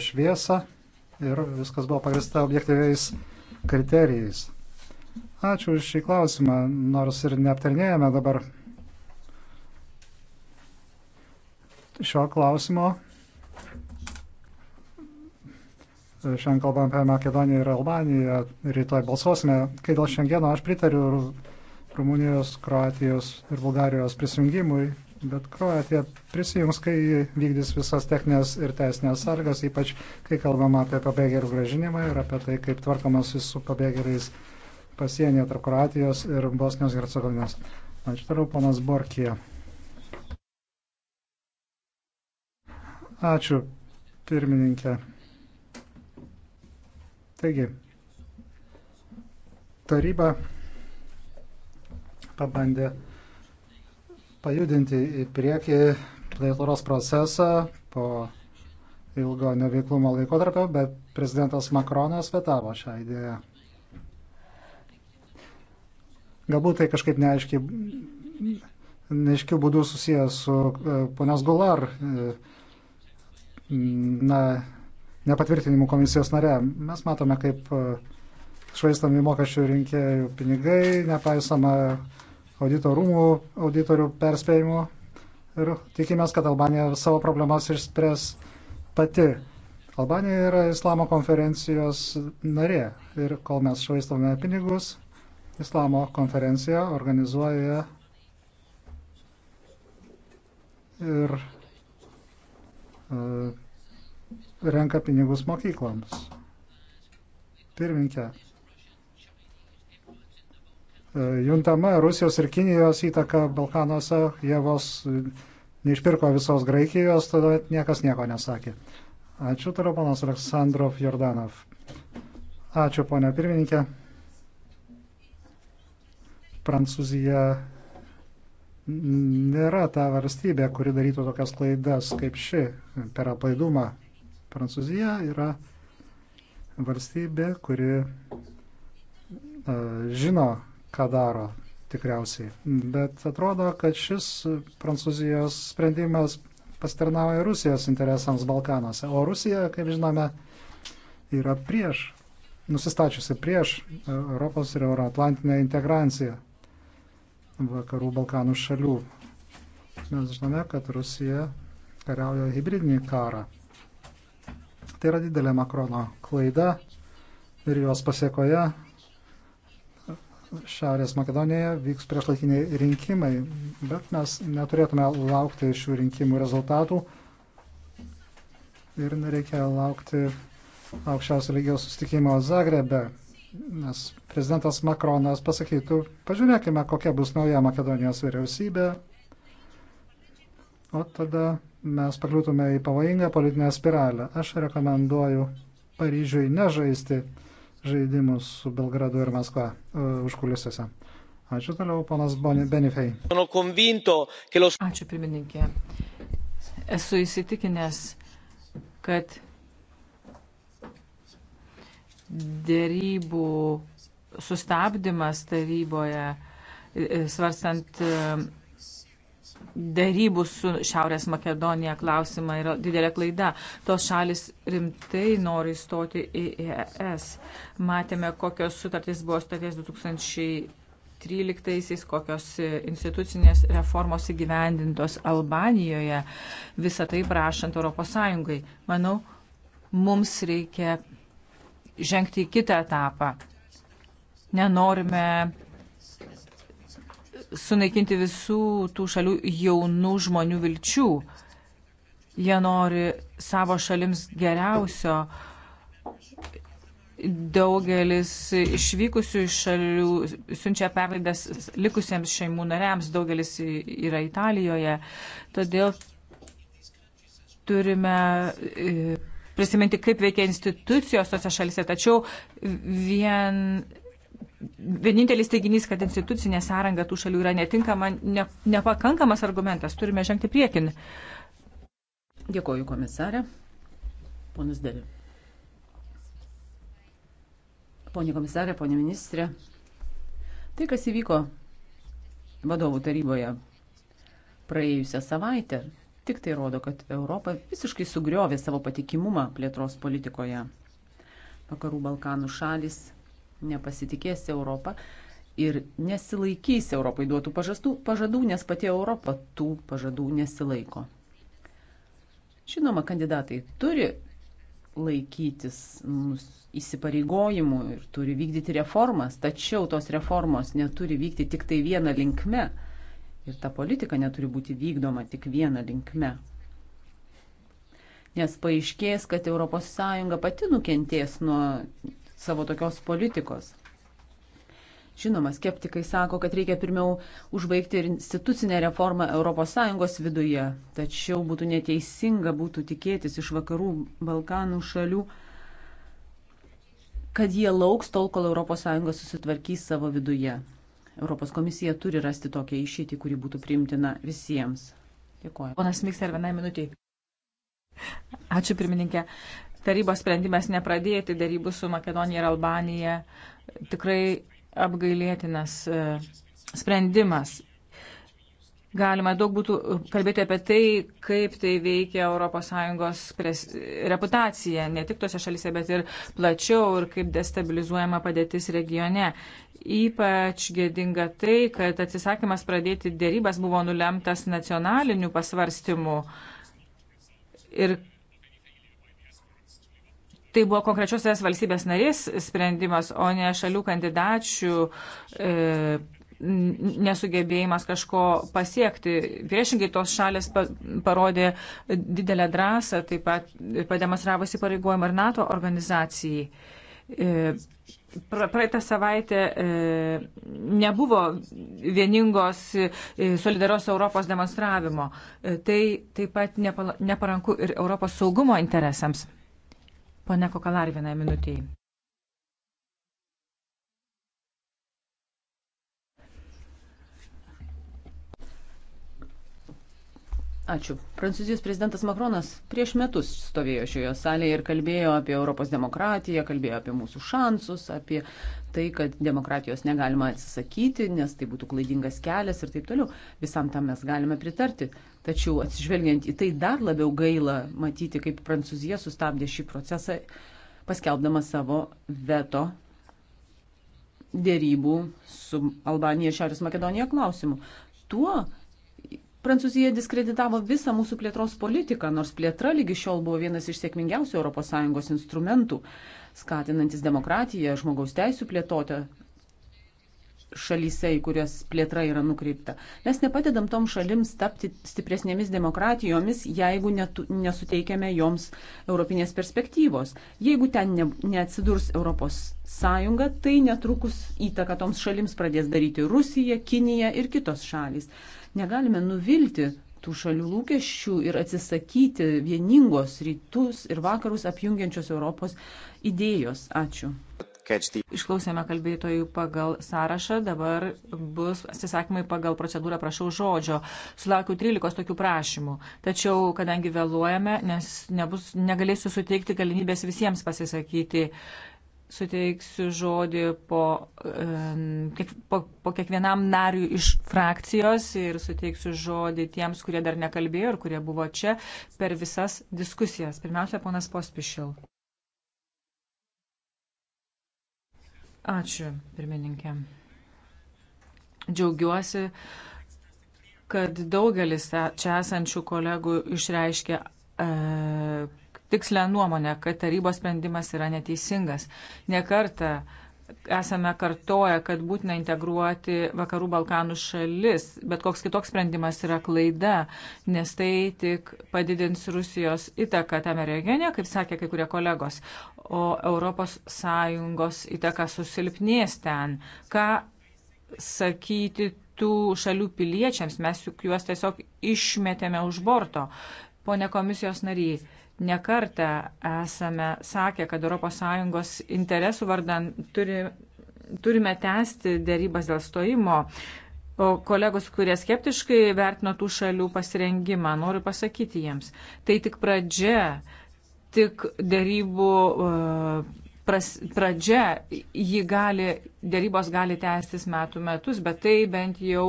šviesą ir viskas buvo pagrįsta objektyviais kriterijais. Ačiū už šį klausimą, nors ir neaptarnėjame dabar šio klausimo. Šiandien kalbam apie Makedoniją ir Albaniją, rytoj balsuosime. Kai dėl šiandieno aš pritariu Rumunijos, Kroatijos ir Bulgarijos prisijungimui Bet Kroatija prisijungs, kai vykdys visas techninės ir teisinės sąlygas, ypač kai kalbama apie pabėgėlių gražinimą ir apie tai, kaip tvarkomasi su pabėgėliais pasienyje tarp Kroatijos ir Bosnijos ir Hercegovinos. Ačiū toliau, ponas Borkija. Ačiū, pirmininkė. Taigi, taryba pabandė pajudinti į priekį plėtros procesą po ilgo neveiklumo laikotarpio, bet prezidentas Makronas vetavo šią idėją. Galbūt tai kažkaip neaiškiai, neaiškių būdų susijęs su e, ponios Gular e, na, nepatvirtinimu komisijos nare. Mes matome, kaip e, švaistami mokesčių rinkėjų pinigai, nepaisama auditorumų, auditorių perspėjimų ir tikimės, kad Albanija savo problemas išspręs pati. Albanija yra islamo konferencijos narė ir kol mes švaistome pinigus, islamo konferencija organizuoja ir e, renka pinigus mokykloms. Pirminkė, juntama Rusijos ir Kinijos įtaka Balkanuose, jie vos neišpirko visos Graikijos, tada niekas nieko nesakė. Ačiū toliau, panas Aleksandrov Jordanov. Ačiū, ponia pirmininkė. Prancūzija nėra ta valstybė, kuri darytų tokias klaidas kaip ši per aplaidumą. Prancūzija yra valstybė, kuri uh, žino, ką daro tikriausiai. Bet atrodo, kad šis Prancūzijos sprendimas pastarnauja Rusijos interesams Balkanuose. O Rusija, kaip žinome, yra prieš, nusistačiusi prieš Europos ir Euroatlantinę integraciją vakarų Balkanų šalių. Mes žinome, kad Rusija kariauja hybridinį karą. Tai yra didelė Makrono klaida ir jos pasiekoje Šiaurės Makedonijoje vyks priešlaikiniai rinkimai, bet mes neturėtume laukti šių rinkimų rezultatų ir nereikia laukti aukščiausio lygio sustikimo Zagrebe, nes prezidentas Makronas pasakytų, pažiūrėkime, kokia bus nauja Makedonijos vyriausybė, o tada mes pakliūtume į pavojingą politinę spiralę. Aš rekomenduoju Paryžiui nežaisti žaidimus su Belgradu ir Maskva e, užkulisiuose. Ačiū toliau, ponas Benifei. Ačiū, pirmininkė. Esu įsitikinęs, kad dėrybų sustabdymas taryboje, e, svarstant e, darybų su Šiaurės Makedonija klausimą yra didelė klaida. Tos šalis rimtai nori įstoti į ES. Matėme, kokios sutartys buvo statės 2013-aisiais, kokios institucinės reformos įgyvendintos Albanijoje, visą tai prašant ES. Manau, mums reikia žengti į kitą etapą. Nenorime sunaikinti visų tų šalių jaunų žmonių vilčių. Jie nori savo šalims geriausio. Daugelis išvykusių iš šalių siunčia perlaidas likusiems šeimų nariams, daugelis yra Italijoje. Todėl turime e, prisiminti, kaip veikia institucijos tose šalise. Tačiau vien vienintelis teiginys, kad institucinė sąranga tų šalių yra netinkama, ne, nepakankamas argumentas. Turime žengti priekin. Dėkoju, komisarė. Ponas Dėlė. Pone komisarė, pone ministrė. Tai, kas įvyko vadovų taryboje praėjusią savaitę, tik tai rodo, kad Europa visiškai sugriovė savo patikimumą plėtros politikoje. Vakarų Balkanų šalis nepasitikės Europą ir nesilaikys Europai duotų pažastų, pažadų, nes pati Europa tų pažadų nesilaiko. Žinoma, kandidatai turi laikytis įsipareigojimų ir turi vykdyti reformas, tačiau tos reformos neturi vykti tik tai vieną linkme ir ta politika neturi būti vykdoma tik vieną linkme. Nes paaiškės, kad ES pati nukentės nuo savo tokios politikos. Žinoma, skeptikai sako, kad reikia pirmiau užbaigti ir institucinę reformą ES viduje, tačiau būtų neteisinga būtų tikėtis iš vakarų Balkanų šalių, kad jie lauks tol, kol ES susitvarkys savo viduje. Europos komisija turi rasti tokią išeitį, kuri būtų priimtina visiems. Dėkuoju. Ponas Mikser, vienai minutiai. Ačiū pirmininkė tarybos sprendimas nepradėti darybų su Makedonija ir Albanija tikrai apgailėtinas e, sprendimas. Galima daug būtų kalbėti apie tai, kaip tai veikia ES reputacija, ne tik tose šalise, bet ir plačiau, ir kaip destabilizuojama padėtis regione. Ypač gėdinga tai, kad atsisakymas pradėti dėrybas buvo nulemtas nacionalinių pasvarstymų ir tai buvo konkrečios es valstybės narės sprendimas, o ne šalių kandidačių e, nesugebėjimas kažko pasiekti. Priešingai tos šalės pa, parodė didelę drąsą, taip pat pademonstravo įsipareigojimą ir NATO organizacijai. E, Praeitą savaitę e, nebuvo vieningos e, solidarios Europos demonstravimo. E, tai taip pat nepala, neparanku ir Europos saugumo interesams. Pone Kokalar, vienai minutiai. Ačiū. Prancūzijos prezidentas Makronas prieš metus stovėjo šioje salėje ir kalbėjo apie Europos demokratiją, kalbėjo apie mūsų šansus, apie tai, kad demokratijos negalima atsisakyti, nes tai būtų klaidingas kelias ir taip toliau. Visam tam mes galime pritarti. Tačiau atsižvelgiant į tai dar labiau gaila matyti, kaip Prancūzija sustabdė šį procesą, paskelbdama savo veto dėrybų su Albanija ir Šiaurės Makedonija klausimu. Tuo Prancūzija diskreditavo visą mūsų plėtros politiką, nors plėtra lygi šiol buvo vienas iš sėkmingiausių ES instrumentų, skatinantis demokratiją, žmogaus teisų plėtotę šalyse, į kurias plėtra yra nukreipta. Mes nepadedam tom šalims tapti stipresnėmis demokratijomis, jeigu netu, nesuteikiame joms europinės perspektyvos. Jeigu ten ne, neatsidurs ES, tai netrukus įtaką toms šalims pradės daryti Rusija, Kinija ir kitos šalys. Negalime nuvilti tų šalių lūkesčių ir atsisakyti vieningos rytus ir vakarus apjungiančios Europos idėjos. Ačiū. Išklausėme kalbėtojų pagal sąrašą, dabar bus atsisakymai pagal procedūrą, prašau žodžio. Sulaukiu 13 tokių prašymų, tačiau kadangi vėluojame, nes nebus, negalėsiu suteikti galimybės visiems pasisakyti, suteiksiu žodį po, po, po kiekvienam nariui iš frakcijos ir suteiksiu žodį tiems, kurie dar nekalbėjo ir kurie buvo čia per visas diskusijas. Pirmiausia, ponas Pospišil. Ačiū, pirmininkė. Džiaugiuosi, kad daugelis e, čia esančių kolegų išreiškė e, tikslę nuomonę, kad tarybos sprendimas yra neteisingas. Nekarta esame kartoję, kad būtina integruoti Vakarų Balkanų šalis, bet koks kitoks sprendimas yra klaida, nes tai tik padidins Rusijos įtaką tame regione, kaip sakė kai kurie kolegos, o ES įtaka susilpnės ten. Ką sakyti tų šalių piliečiams, mes juk juos tiesiog išmetėme už borto. Pone komisijos nariai, Nekartą esame sakę, kad ES interesų vardan turi, turime tęsti dėrybas dėl stojimo. O kolegos, kurie skeptiškai vertino tų šalių pasirengimą, noriu pasakyti jiems, tai tik pradžia, tik dėrybų uh, pras, pradžia, jį gali, dėrybos gali tęstis metų metus, bet tai bent jau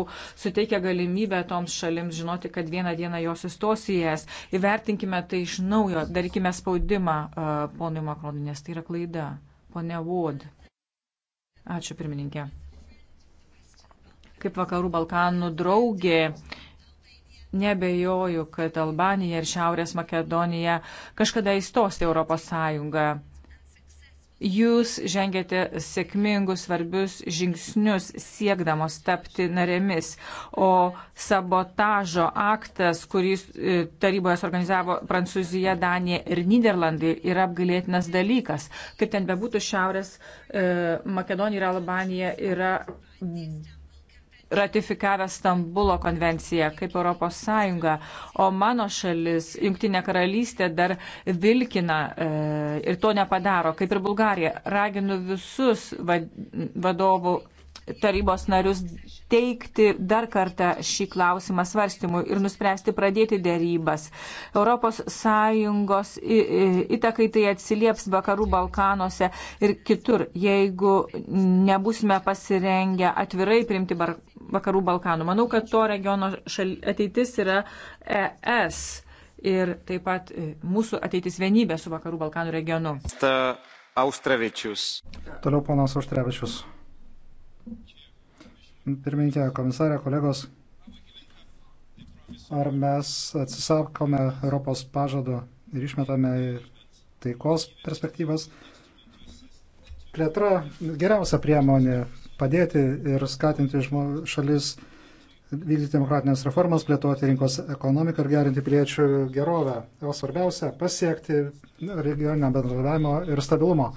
suteikia galimybę toms šalims žinoti, kad vieną dieną jos įstos į jas. Įvertinkime tai iš naujo, darykime spaudimą uh, ponui Makronui, nes tai yra klaida. Pone Vod. Ačiū pirmininkė. Kaip vakarų Balkanų draugė. Nebejoju, kad Albanija ir Šiaurės Makedonija kažkada įstos į Europos Sąjungą Jūs žengėte sėkmingus svarbius žingsnius siekdamos tapti narėmis, o sabotažo aktas, kurį e, taryboje suorganizavo Prancūzija, Danija ir Niderlandai, yra apgalėtinas dalykas. Kaip ten bebūtų, Šiaurės e, Makedonija ir Albanija yra ratifikavę Stambulo konvenciją kaip ES, o mano šalis, Junktinė karalystė, dar vilkina e, ir to nepadaro, kaip ir Bulgarija. Raginu visus vadovų tarybos narius teikti dar kartą šį klausimą svarstymui ir nuspręsti pradėti dėrybas. ES įtakai tai atsilieps vakarų Balkanuose ir kitur, jeigu nebusime pasirengę atvirai priimti vakarų Balkanų. Manau, kad to regiono šal... ateitis yra ES. Ir taip pat e, mūsų ateitis vienybė su Vakarų Balkanų regionu. Toliau ponas Auštrevičius. Pirmininkė, komisarė, kolegos, ar mes atsisakome Europos pažado ir išmetame taikos perspektyvas? Plėtra geriausia priemonė padėti ir skatinti šalis vykdyti demokratinės reformas, plėtoti rinkos ekonomiką ir gerinti piliečių gerovę. O svarbiausia - pasiekti regioninio bendradavimo ir stabilumo.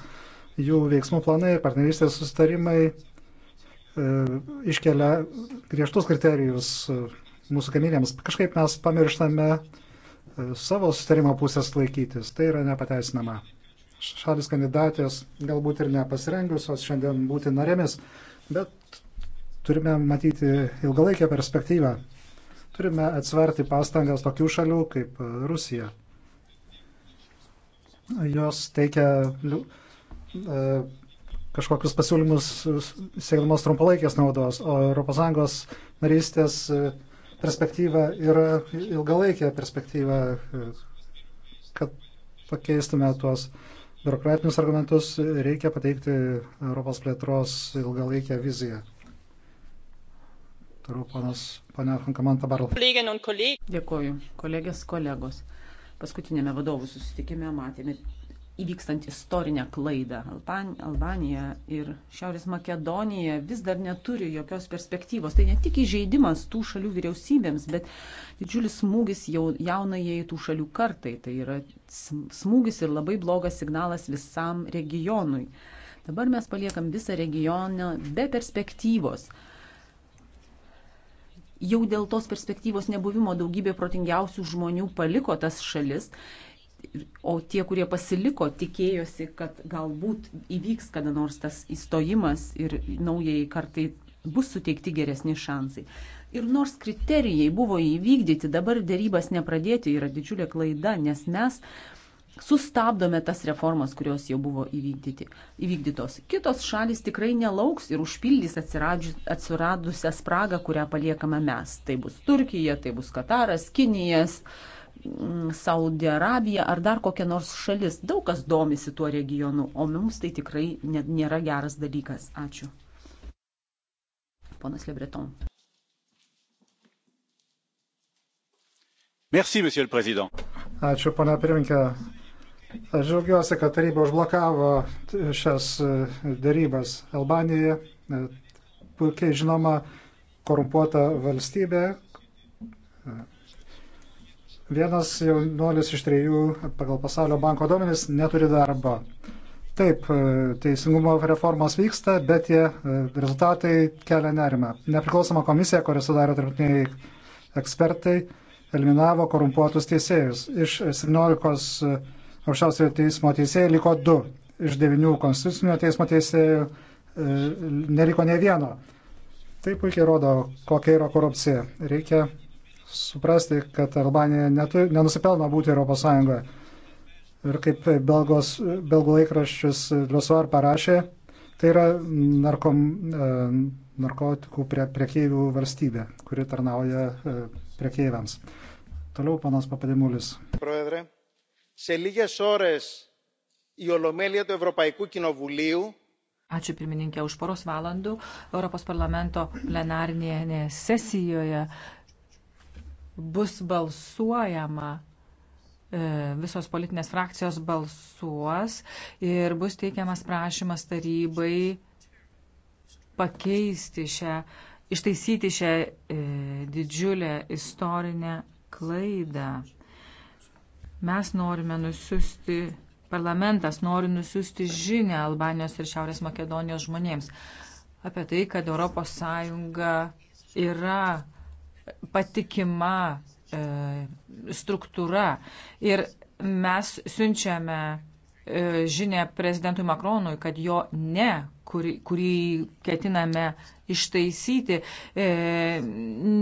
Jų veiksmų planai, partnerystės sustarimai E, iškelia griežtus kriterijus e, mūsų kaminėms. Kažkaip mes pamirštame e, savo sustarimo pusės laikytis. Tai yra nepateisinama. Šalis kandidatės galbūt ir nepasirengusios šiandien būti narėmis, bet turime matyti ilgalaikę perspektyvą. Turime atsverti pastangas tokių šalių kaip Rusija. Jos teikia kažkokius pasiūlymus siekdamos trumpalaikės naudos, o ES narystės perspektyva yra ilgalaikė perspektyva, kad pakeistume tuos biurokratinius argumentus, reikia pateikti Europos plėtros ilgalaikę viziją. Turiu panas, pane Hankamanta Barl. Dėkoju, kolegės, kolegos. Paskutinėme vadovų susitikime matėme įvykstant istorinę klaidą. Albanija ir Šiaurės Makedonija vis dar neturi jokios perspektyvos. Tai ne tik įžeidimas tų šalių vyriausybėms, bet didžiulis smūgis jaunajai tų šalių kartai. Tai yra smūgis ir labai blogas signalas visam regionui. Dabar mes paliekam visą regioną be perspektyvos. Jau dėl tos perspektyvos nebuvimo daugybė protingiausių žmonių paliko tas šalis O tie, kurie pasiliko, tikėjosi, kad galbūt įvyks kada nors tas įstojimas ir naujai kartai bus suteikti geresni šansai. Ir nors kriterijai buvo įvykdyti, dabar dėrybas nepradėti yra didžiulė klaida, nes mes sustabdome tas reformas, kurios jau buvo įvykdyti, įvykdytos. Kitos šalis tikrai nelauks ir užpildys atsiradusią spragą, kurią paliekame mes. Tai bus Turkija, tai bus Kataras, Kinijas. Uh, Mm, Saudė Arabija ar dar kokia nors šalis. Daug kas domisi tuo regionu, o mums tai tikrai nėra geras dalykas. Ačiū. Ponas Lebreton. Merci, monsieur le président. Ačiū, pana pirminkė. Aš džiaugiuosi, kad taryba užblokavo šias e, darybas Albanijoje. Puikiai žinoma, korumpuota valstybė Vienas jaunuolis iš trijų pagal pasaulio banko duomenys neturi darbo. Taip, e, teisingumo reformos vyksta, bet tie e, rezultatai kelia nerimą. Nepriklausoma komisija, kurią sudarė tarptautiniai ekspertai, eliminavo korumpuotus teisėjus. Iš 17 e, aukščiausiojo teismo teisėjų liko 2. Iš 9 konstitucinio teismo teisėjų neliko ne vieno. Tai puikiai rodo, kokia yra korupcija. Reikia suprasti, kad Albanija netu, nenusipelno būti ES. Ir kaip belgos, belgų laikraščius Liosvar parašė, tai yra narkom, e, narkotikų prie, priekeivių valstybė, kuri tarnauja e, priekeiviams. Toliau panas Papadimulis. Proedre, se lygias ores į Olomelį to Europaikų kinovulėjų Ačiū pirmininkė už poros valandų Europos parlamento plenarinėje sesijoje bus balsuojama e, visos politinės frakcijos balsuos ir bus teikiamas prašymas tarybai pakeisti šią, ištaisyti šią e, didžiulę istorinę klaidą. Mes norime nusiųsti, parlamentas nori nusiųsti žinę Albanijos ir Šiaurės Makedonijos žmonėms apie tai, kad ES yra patikima e, struktūra. Ir mes siunčiame e, žinę prezidentui Makronui, kad jo ne, kurį, kurį ketiname ištaisyti, e,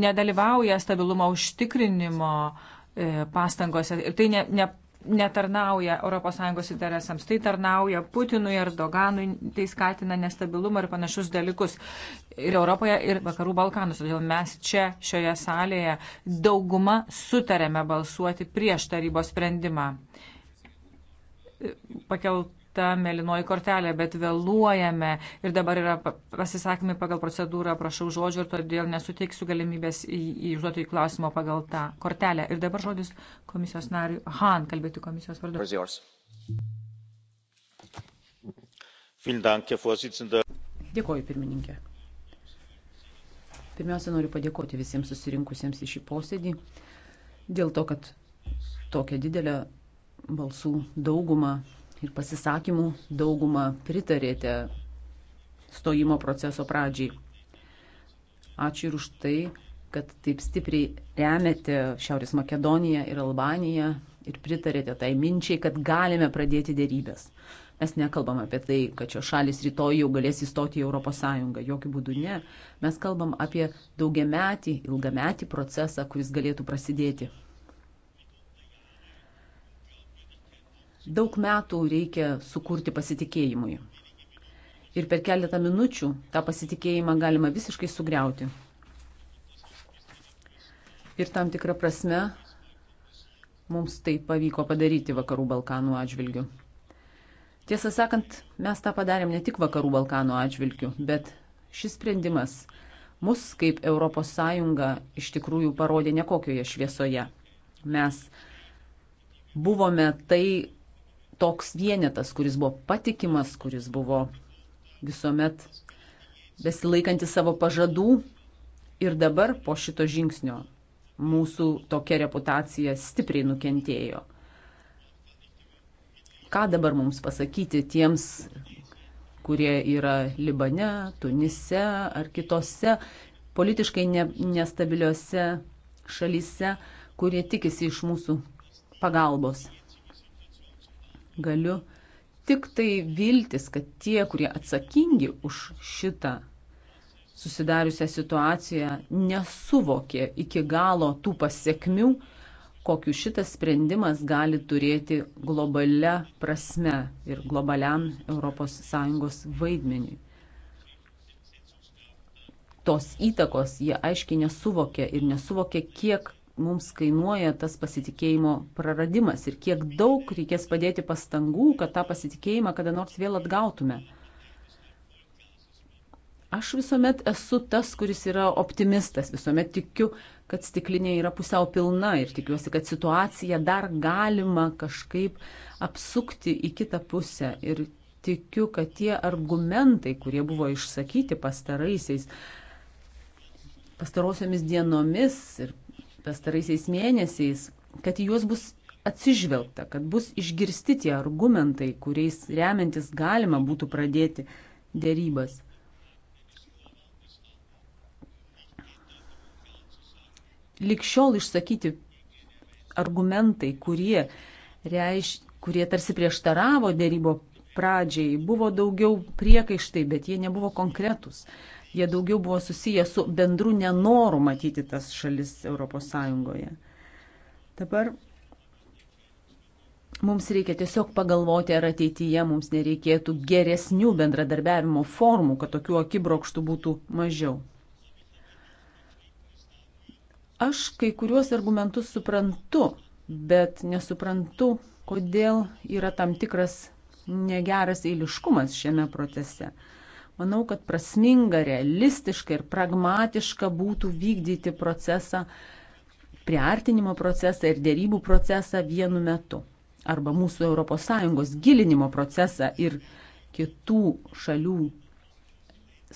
nedalyvauja stabilumo užtikrinimo pastangose. Ir tai ne, ne, netarnauja ES interesams. Tai tarnauja Putinui, Erdoganui, tai skatina nestabilumą ir panašius dalykus ir Europoje, ir Vakarų Balkanus. Todėl mes čia, šioje salėje, dauguma sutarėme balsuoti prieš tarybos sprendimą. Pakelt įteikta melinoji kortelė, bet vėluojame ir dabar yra pasisakymai pagal procedūrą, prašau žodžio ir todėl nesuteiksiu galimybės įžduoti klausimą pagal tą kortelę. Ir dabar žodis komisijos nariui Han kalbėti komisijos vardu. Dėkoju, pirmininkė. Pirmiausia, noriu padėkoti visiems susirinkusiems į šį posėdį dėl to, kad tokią didelę balsų daugumą ir pasisakymų daugumą pritarėte stojimo proceso pradžiai. Ačiū ir už tai, kad taip stipriai remiate Šiaurės Makedoniją ir Albaniją ir pritarėte tai minčiai, kad galime pradėti dėrybės. Mes nekalbam apie tai, kad šios šalis rytoj jau galės įstoti į ES, jokių būdų ne. Mes kalbam apie daugiametį, ilgametį procesą, kuris galėtų prasidėti. Daug metų reikia sukurti pasitikėjimui. Ir per keletą minučių tą pasitikėjimą galima visiškai sugriauti. Ir tam tikrą prasme mums tai pavyko padaryti Vakarų Balkanų atžvilgiu. Tiesą sakant, mes tą padarėm ne tik Vakarų Balkanų atžvilgiu, bet šis sprendimas mus kaip ES iš tikrųjų parodė nekokioje šviesoje. Mes buvome tai, toks vienetas, kuris buvo patikimas, kuris buvo visuomet besilaikanti savo pažadų. Ir dabar po šito žingsnio mūsų tokia reputacija stipriai nukentėjo. Ką dabar mums pasakyti tiems, kurie yra Libane, Tunise ar kitose politiškai ne, nestabiliuose šalyse, kurie tikisi iš mūsų pagalbos? Galiu tik tai viltis, kad tie, kurie atsakingi už šitą susidariusią situaciją, nesuvokė iki galo tų pasiekmių, kokiu šitas sprendimas gali turėti globalia prasme ir globaliam ES vaidmeniui. Tos įtakos jie aiškiai nesuvokė ir nesuvokė, kiek mums kainuoja tas pasitikėjimo praradimas ir kiek daug reikės padėti pastangų, kad tą pasitikėjimą kada nors vėl atgautume. Aš visuomet esu tas, kuris yra optimistas, visuomet tikiu, kad stiklinė yra pusiau pilna ir tikiuosi, kad situaciją dar galima kažkaip apsukti į kitą pusę. Ir tikiu, kad tie argumentai, kurie buvo išsakyti pastaraisiais, pastarosiomis dienomis ir pastaraisiais mėnesiais, kad į juos bus atsižvelgta, kad bus išgirsti tie argumentai, kuriais remiantis galima būtų pradėti dėrybas. Likščiol išsakyti argumentai, kurie, reiš, kurie tarsi prieštaravo dėrybo pradžiai, buvo daugiau priekaištai, bet jie nebuvo konkretus. Jie daugiau buvo susiję su bendru nenoru matyti tas šalis ES. Dabar mums reikia tiesiog pagalvoti, ar ateityje mums nereikėtų geresnių bendradarbiavimo formų, kad tokių akibrokštų būtų mažiau. Aš kai kuriuos argumentus suprantu, bet nesuprantu, kodėl yra tam tikras negeras eiliškumas šiame procese. Manau, kad prasminga, realistiška ir pragmatiška būtų vykdyti procesą, priartinimo procesą ir dėrybų procesą vienu metu. Arba mūsų ES gilinimo procesą ir kitų šalių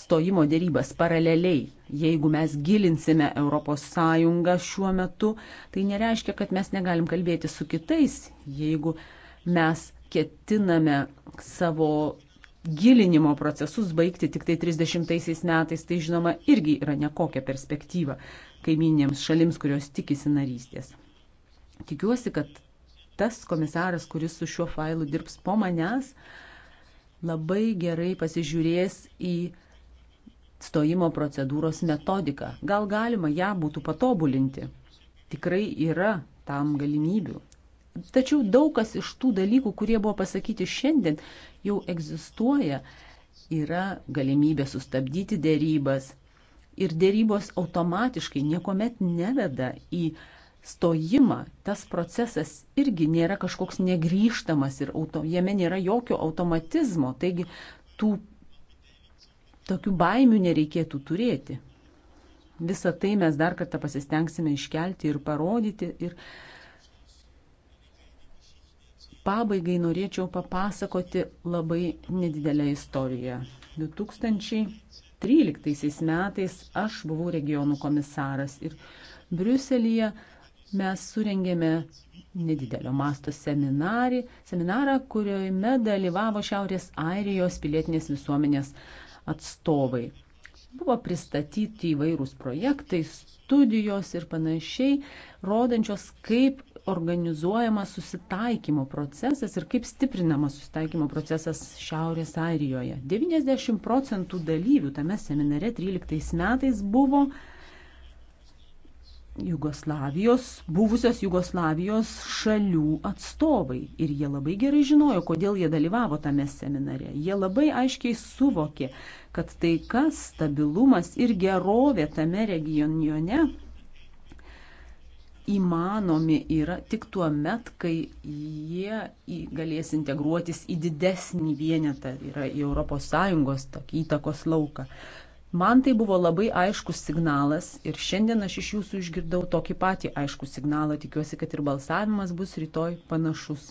stojimo dėrybas paraleliai. Jeigu mes gilinsime ES šiuo metu, tai nereiškia, kad mes negalim kalbėti su kitais, jeigu mes ketiname savo gilinimo procesus baigti tik tai 30 metais, tai žinoma irgi yra nekokia perspektyva kaiminėms šalims, kurios tikisi narystės. Tikiuosi, kad tas komisaras, kuris su šiuo failu dirbs po manęs, labai gerai pasižiūrės į stojimo procedūros metodiką. Gal galima ją būtų patobulinti. Tikrai yra tam galimybių. Tačiau daug kas iš tų dalykų, kurie buvo pasakyti šiandien, jau egzistuoja. Yra galimybė sustabdyti dėrybas. Ir dėrybos automatiškai niekuomet neveda į stojimą. Tas procesas irgi nėra kažkoks negryžtamas ir auto, jame nėra jokio automatizmo. Taigi tų tokių baimių nereikėtų turėti. Visą tai mes dar kartą pasistengsime iškelti ir parodyti. Ir Pabaigai norėčiau papasakoti labai nedidelę istoriją. 2013 metais aš buvau regionų komisaras ir Briuselyje mes surengėme nedidelio masto seminarį, seminarą, kuriame dalyvavo Šiaurės Airijos pilietinės visuomenės atstovai. Buvo pristatyti įvairūs projektai, studijos ir panašiai, rodančios, kaip organizuojamas susitaikymo procesas ir kaip stiprinamas susitaikymo procesas Šiaurės Airijoje. 90 procentų dalyvių tame seminare 13 metais buvo Jugoslavijos, buvusios Jugoslavijos šalių atstovai. Ir jie labai gerai žinojo, kodėl jie dalyvavo tame seminare. Jie labai aiškiai suvokė, kad taika, stabilumas ir gerovė tame regione įmanomi yra tik tuo met, kai jie galės integruotis į didesnį vienetą, yra į ES įtakos lauką. Man tai buvo labai aiškus signalas ir šiandien aš iš jūsų išgirdau tokį patį aiškų signalą, tikiuosi, kad ir balsavimas bus rytoj panašus.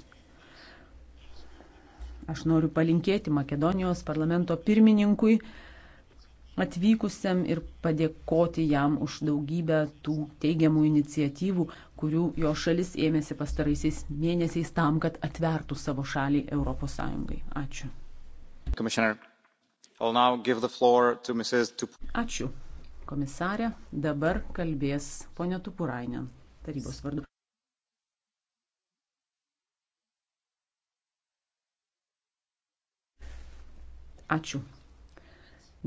Aš noriu palinkėti Makedonijos parlamento pirmininkui, atvykusiam ir padėkoti jam už daugybę tų teigiamų iniciatyvų, kurių jo šalis ėmėsi pastaraisiais mėnesiais tam, kad atvertų savo šalį ES. Ačiū. Ačiū. Komisarė, dabar kalbės ponė Tupurainė tarybos vardu. Ačiū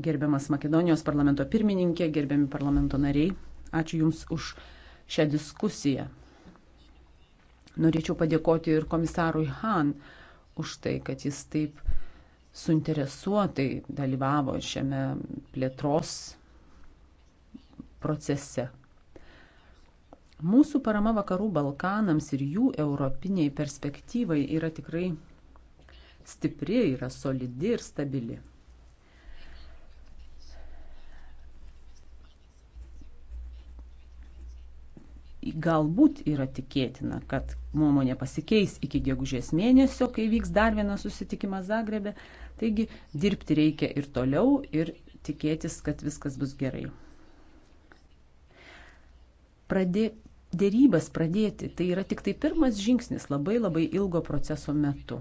gerbiamas Makedonijos parlamento pirmininkė, gerbiami parlamento nariai. Ačiū Jums už šią diskusiją. Norėčiau padėkoti ir komisarui Han už tai, kad jis taip suinteresuotai dalyvavo šiame plėtros procese. Mūsų parama vakarų Balkanams ir jų europiniai perspektyvai yra tikrai stipri, yra solidi ir stabili. galbūt yra tikėtina, kad nuomonė pasikeis iki gegužės mėnesio, kai vyks dar vienas susitikimas Zagrebė. Taigi dirbti reikia ir toliau ir tikėtis, kad viskas bus gerai. Pradė, dėrybas pradėti tai yra tik tai pirmas žingsnis labai labai ilgo proceso metu.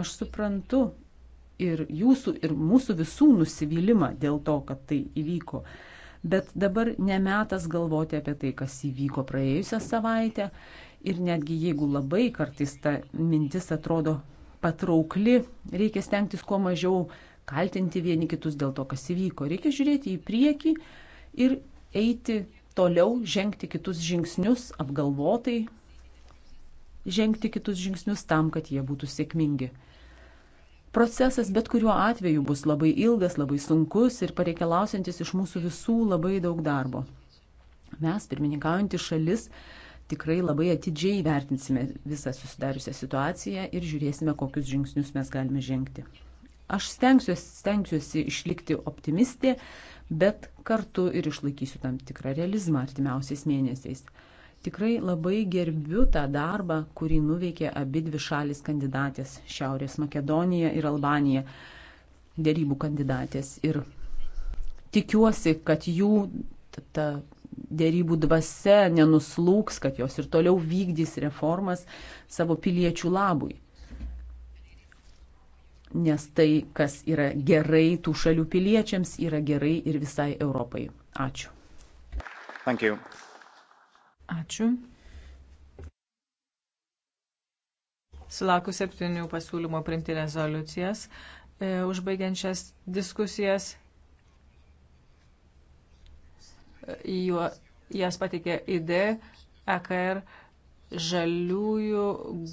Aš suprantu ir jūsų, ir mūsų visų nusivylimą dėl to, kad tai įvyko bet dabar nemetas galvoti apie tai, kas įvyko praėjusią savaitę ir netgi jeigu labai kartais ta mintis atrodo patraukli, reikia stengtis kuo mažiau kaltinti vieni kitus dėl to, kas įvyko. Reikia žiūrėti į priekį ir eiti toliau, žengti kitus žingsnius, apgalvotai žengti kitus žingsnius tam, kad jie būtų sėkmingi. Procesas bet kuriuo atveju bus labai ilgas, labai sunkus ir pareikalausiantis iš mūsų visų labai daug darbo. Mes, pirmininkaujantį šalis, tikrai labai atidžiai vertinsime visą susidariusią situaciją ir žiūrėsime, kokius žingsnius mes galime žengti. Aš stengsiuosi, stengsiuosi išlikti optimistė, bet kartu ir išlaikysiu tam tikrą realizmą artimiausiais mėnesiais. Tikrai labai gerbiu tą darbą, kurį nuveikė abi dvi šalis kandidatės - Šiaurės Makedonija ir Albanija - dėrybų kandidatės. Ir tikiuosi, kad jų ta dėrybų dvasia nenuslūks, kad jos ir toliau vykdys reformas savo piliečių labui. Nes tai, kas yra gerai tų šalių piliečiams, yra gerai ir visai Europai. Ačiū. Thank you. Ačiū. Sulaukus septynių pasiūlymų priimti rezoliucijas, e, užbaigiančias diskusijas, juo, jas patikė ID, EKR, Žaliųjų,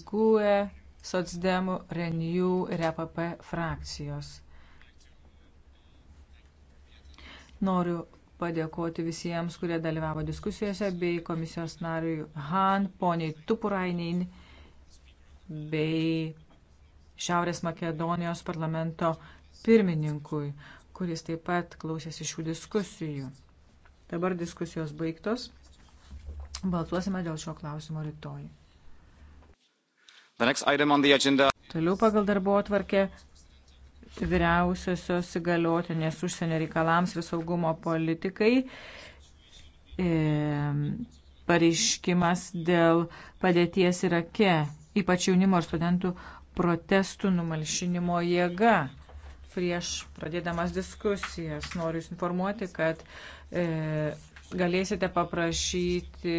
GUE, Sotsdemų, Renijų ir EPP frakcijos. Noriu padėkoti visiems, kurie dalyvavo diskusijose, bei komisijos nariui Han, poniai Tupurainin, bei Šiaurės Makedonijos parlamento pirmininkui, kuris taip pat klausėsi šių diskusijų. Dabar diskusijos baigtos. Balsuosime dėl šio klausimo rytoj. Toliau pagal darbo atvarkę vyriausiosios įgaliotinės užsienio reikalams ir saugumo politikai e, pareiškimas dėl padėties Irake, ypač jaunimo ir studentų protestų numalšinimo jėga. Prieš pradėdamas diskusijas noriu Jūs informuoti, kad e, galėsite paprašyti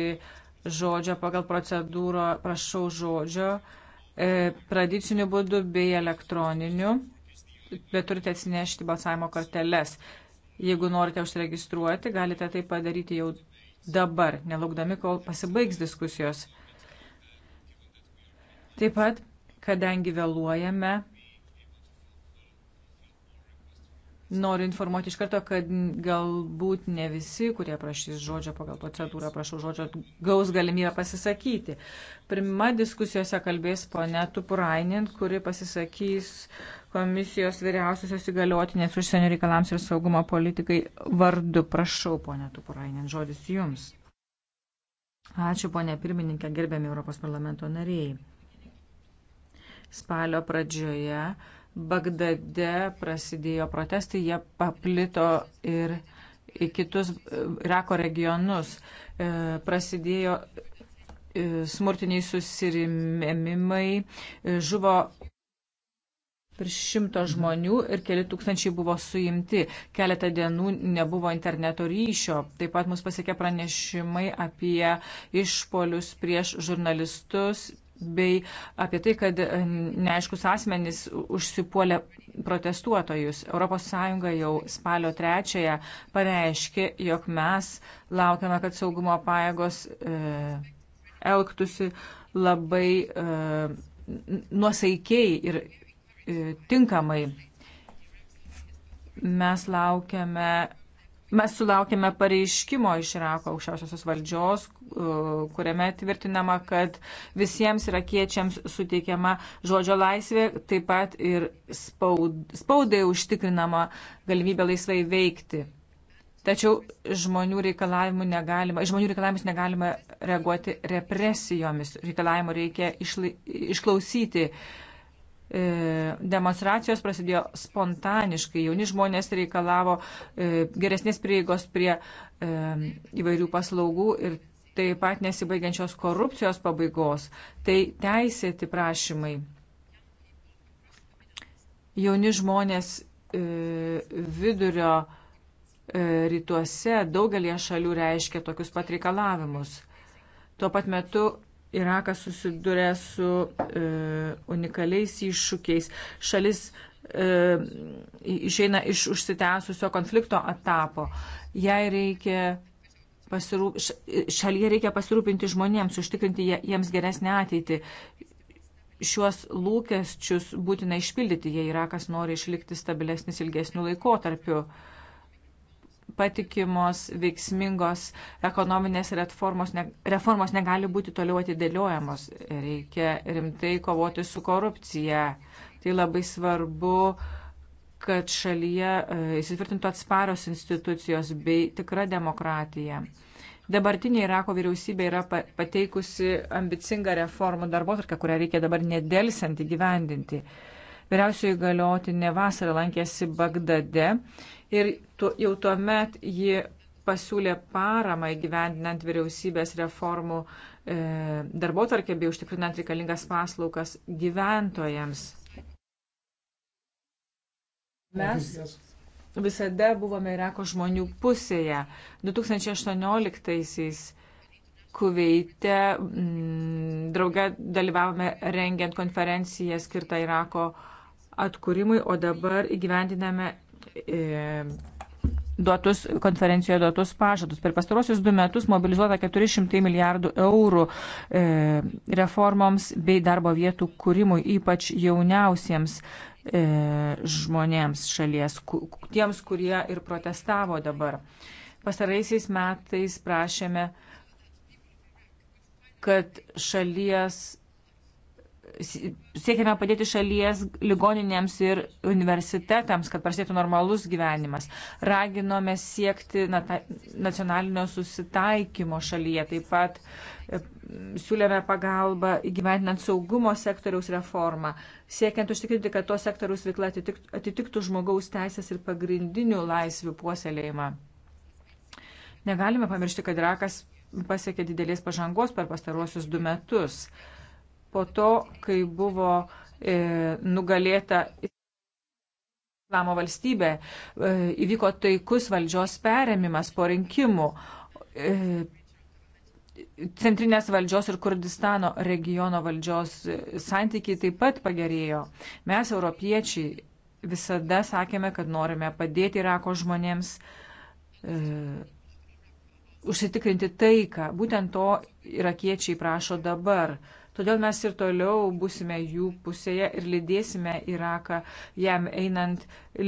žodžio pagal procedūrą, prašau žodžio, e, tradiciniu būdu bei elektroniniu bet turite atsinešti balsavimo korteles. Jeigu norite užsiregistruoti, galite tai padaryti jau dabar, nelaukdami, kol pasibaigs diskusijos. Taip pat, kadangi vėluojame, Noriu informuoti iš karto, kad galbūt ne visi, kurie prašys žodžio pagal procedūrą, prašau žodžio, gaus galimybę pasisakyti. Pirma diskusijose kalbės ponė Tupurainin, kuri pasisakys komisijos vyriausiosios įgaliotinės užsienio reikalams ir saugumo politikai vardu. Prašau, ponė Tupurainen, žodis jums. Ačiū, ponė pirmininkė, gerbiami Europos parlamento nariai. Spalio pradžioje Bagdade prasidėjo protestai, jie paplito ir į kitus e, Irako regionus. E, prasidėjo e, smurtiniai susirėmimai, žuvo Virš šimto žmonių ir keli tūkstančiai buvo suimti. Keletą dienų nebuvo interneto ryšio. Taip pat mus pasiekė pranešimai apie išpolius prieš žurnalistus bei apie tai, kad e, neaiškus asmenys užsipuolė protestuotojus. ES jau spalio trečiąją pareiškė, jog mes laukiame, kad saugumo pajėgos e, elgtųsi labai e, nuosaikiai ir E, tinkamai. Mes laukiame Mes sulaukėme pareiškimo iš Irako aukščiausiosios valdžios, e, kuriame tvirtinama, kad visiems irakiečiams suteikiama žodžio laisvė, taip pat ir spaudai užtikrinama galimybė laisvai veikti. Tačiau žmonių, negalima, žmonių reikalavimus negalima reaguoti represijomis. Reikalavimo reikia išklausyti. Išla, E, demonstracijos prasidėjo spontaniškai. Jauni žmonės reikalavo e, geresnės prieigos prie e, įvairių paslaugų ir taip pat nesibaigiančios korupcijos pabaigos. Tai teisėti prašymai. Jauni žmonės vidurio rytuose daugelie šalių reiškia tokius pat reikalavimus. Tuo pat metu Irakas susiduria su e, unikaliais iššūkiais. Šalis e, išeina iš užsitęsusio konflikto etapo. Jei reikia pasirūp, šalyje reikia pasirūpinti žmonėms, užtikrinti jiems geresnę ateitį. Šiuos lūkesčius būtina išpildyti, jei Irakas nori išlikti stabilesnis ilgesnių laikotarpių. E, patikimos, veiksmingos ekonominės reformos, ne, reformos negali būti toliau atidėliojamos. Reikia rimtai kovoti su korupcija. Tai labai svarbu, kad šalyje e, įsitvirtintų atsparios institucijos bei tikra demokratija. Dabartinė Irako vyriausybė yra pateikusi ambicingą reformų darbotvarkę, kurią reikia dabar nedelsiant įgyvendinti. Vyriausioji galiotinė vasarą lankėsi Bagdade ir tu, jau tuo met ji pasiūlė paramą įgyvendinant vyriausybės reformų e, darbo tarkė bei užtikrinant reikalingas paslaukas gyventojams. Mes visada buvome Irako žmonių pusėje. 2018-aisiais Kuveite m, mm, drauge dalyvavome rengiant konferenciją skirtą Irako atkūrimui, o dabar įgyvendiname duotus, konferencijoje duotus pažadus. Per pastarosius du metus mobilizuota 400 milijardų eurų e, reformoms bei darbo vietų kūrimui, ypač jauniausiems e, žmonėms šalies, ku, tiems, kurie ir protestavo dabar. Pastaraisiais metais prašėme, kad šalies siekiame padėti šalies ligoninėms ir universitetams, kad prasidėtų normalus gyvenimas. Raginome siekti na, ta, nacionalinio susitaikymo šalyje. Taip pat e, siūlėme pagalbą įgyvendinant saugumo sektoriaus reformą, siekiant užtikrinti, kad to sektoriaus veikla atitiktų, atitiktų žmogaus teisės ir pagrindinių laisvių puoselėjimą. Negalime pamiršti, kad Irakas pasiekė didelės pažangos per pastaruosius du metus. Uh, po to, kai buvo e, nugalėta Islamo valstybė, e, įvyko taikus valdžios perėmimas po rinkimų. E, centrinės valdžios ir Kurdistano regiono valdžios e, santykiai taip pat pagerėjo. Mes, europiečiai, visada sakėme, kad norime padėti Irako žmonėms e, užsitikrinti taiką. Būtent to irakiečiai prašo dabar. E, Todėl mes ir toliau busime jų pusėje ir lydėsime Iraką jam einant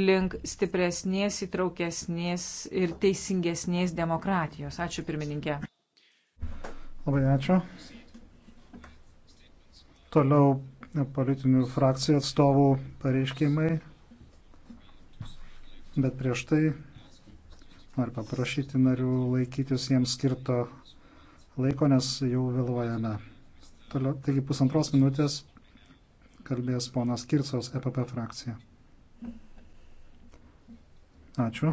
link stipresnės, įtraukesnės ir teisingesnės demokratijos. Ačiū pirmininkė. Labai ačiū. Toliau politinių frakcijų atstovų pareiškimai. Bet prieš tai noriu paprašyti narių laikytis jiems skirto laiko, nes jau vėluojame. Toliau, taigi pusantros minutės kalbės ponas Kirsos EPP frakcija. Ačiū.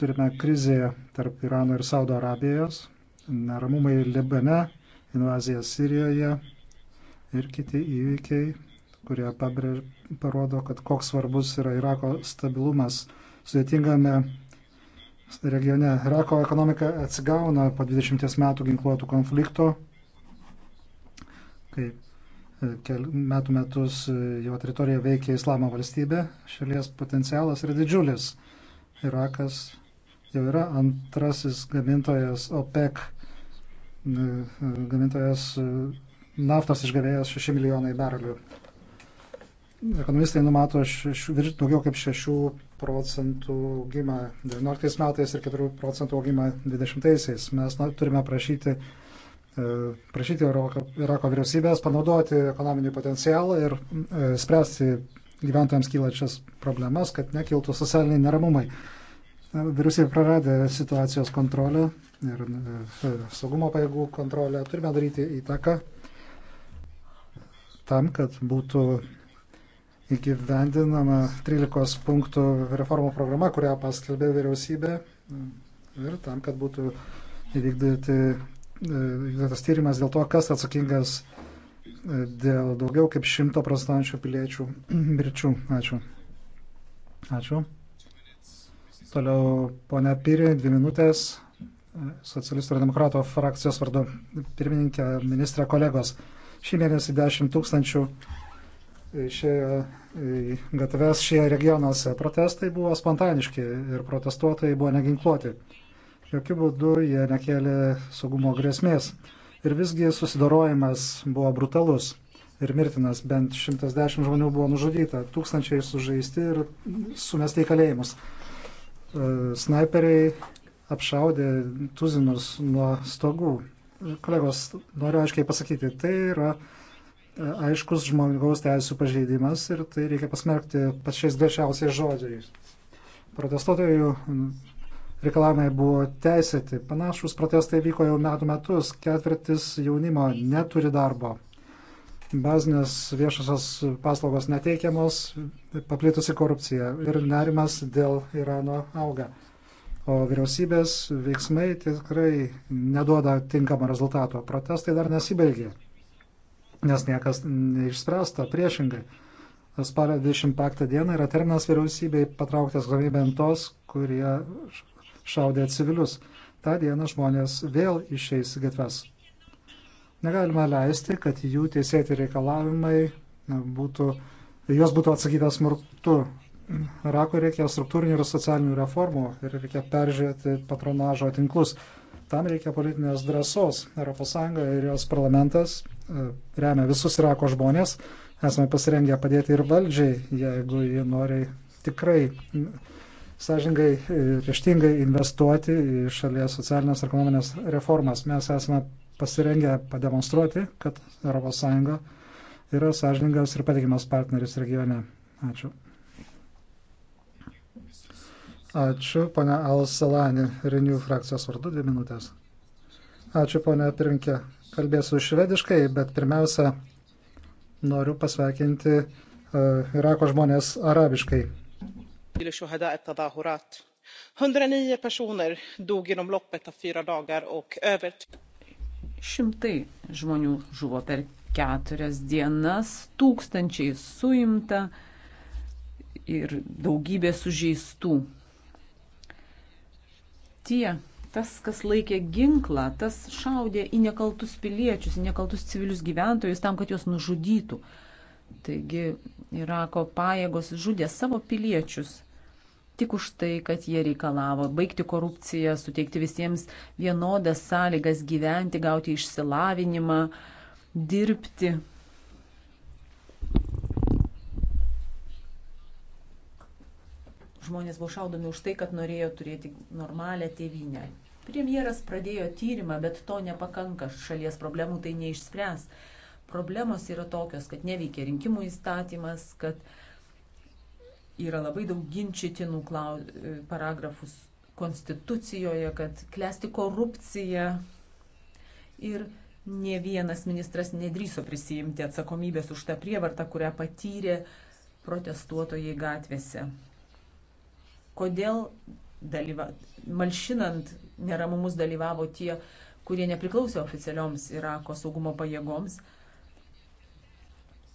Turime krizę tarp Irano ir Saudo Arabijos, neramumai Libane, invazija Sirijoje ir kiti įvykiai, kurie pabrė, parodo, kad koks svarbus yra Irako stabilumas sudėtingame regione. Irako ekonomika atsigauna po 20 metų ginkluotų konflikto, kai e, metų metus e, jo teritorijoje veikia Islamo valstybė. Šalies potencialas yra didžiulis. Irakas jau yra antrasis gamintojas OPEC, e, gamintojas naftos išgavėjas 6 milijonai barelių. Ekonomistai numato šešių, daugiau kaip 6 procentų augimą 19 metais ir 4 procentų augimą 20-aisiais. Mes na, turime prašyti, e, prašyti Irako, Irako vyriausybės panaudoti ekonominį potencialą ir e, spręsti gyventojams kylačias problemas, kad nekiltų socialiniai neramumai. E, vyriausybė praradė situacijos kontrolę ir saugumo pajėgų kontrolę. Turime daryti įtaką tam, kad būtų gyvendinama 13 punktų reformų programa, kurią paskelbė vyriausybė ir tam, kad būtų įvykdyti e, tas tyrimas dėl to, kas atsakingas e, dėl daugiau kaip šimto protestančių piliečių mirčių. Ačiū. Ačiū. Toliau ponia Pyrė, dvi minutės, socialistų ir demokrato frakcijos vardu pirmininkė, ministrė kolegos. Šį mėnesį 10 tūkstančių 000 išėjo į gatves šie regionuose. Protestai buvo spontaniški ir protestuotojai buvo neginkluoti. Jokių būdų jie nekėlė saugumo grėsmės. Ir visgi susidorojimas buvo brutalus ir mirtinas. Bent 110 žmonių buvo nužudyta, tūkstančiai sužeisti ir sumesti į kalėjimus. E, snaiperiai apšaudė tuzinus nuo stogų. Kolegos, noriu aiškiai pasakyti, tai yra E, aiškus žmogaus teisų pažeidimas ir tai reikia pasmerkti pačiais griežčiausiais žodžiais. Protestuotojų reikalavimai buvo teisėti. Panašus protestai vyko jau metų metus. Ketvirtis jaunimo neturi darbo. Bazinės viešasios paslaugos neteikiamos, paplitusi korupcija ir nerimas dėl Irano auga. O vyriausybės veiksmai tikrai neduoda tinkamo rezultato. Protestai dar nesibaigė nes niekas neišspręsta priešingai. Spalio 25 dieną yra terminas vyriausybei patraukti atsakomybę tos, kurie šaudė civilius. Ta diena žmonės vėl išeis į gatves. Negalima leisti, kad jų teisėti reikalavimai būtų, jos būtų atsakyta smurtu. Rako reikia struktūrinių ir socialinių reformų ir reikia peržiūrėti patronažo tinklus. Tam reikia politinės drąsos. ES ir jos parlamentas e, remia visus Irako žmonės. Esame pasirengę padėti ir valdžiai, jeigu jie nori tikrai sąžingai, e, ryštingai investuoti į šalies socialinės ir ekonominės reformas. Mes esame pasirengę pademonstruoti, kad ES yra sąžiningas ir patikimas partneris regione. Ačiū. Ačiū, ponia Alsalani, Renew frakcijos vardu, dvi minutės. Ačiū, ponia Pirinkė. Kalbėsiu švediškai, bet pirmiausia, noriu pasveikinti uh, Irako žmonės arabiškai. 109 personer dog inom loppet av fyra dagar och över... Šimtai žmonių žuvo per keturias dienas, tūkstančiai suimta ir daugybė sužeistų tie, tas, kas laikė ginklą, tas šaudė į nekaltus piliečius, į nekaltus civilius gyventojus tam, kad juos nužudytų. Taigi Irako pajėgos žudė savo piliečius tik už tai, kad jie reikalavo baigti korupciją, suteikti visiems vienodas sąlygas gyventi, gauti išsilavinimą, dirbti žmonės buvo šaudomi už tai, kad norėjo turėti normalią tėvynę. Premjeras pradėjo tyrimą, bet to nepakanka, šalies problemų tai neišspręs. Problemos yra tokios, kad neveikia rinkimų įstatymas, kad yra labai daug ginčytinų paragrafų konstitucijoje, kad klesti korupcija ir ne vienas ministras nedryso prisijimti atsakomybės už tą prievartą, kurią patyrė protestuotojai gatvėse kodėl dalyva, malšinant neramumus dalyvavo tie, kurie nepriklausė oficialioms Irako saugumo pajėgoms.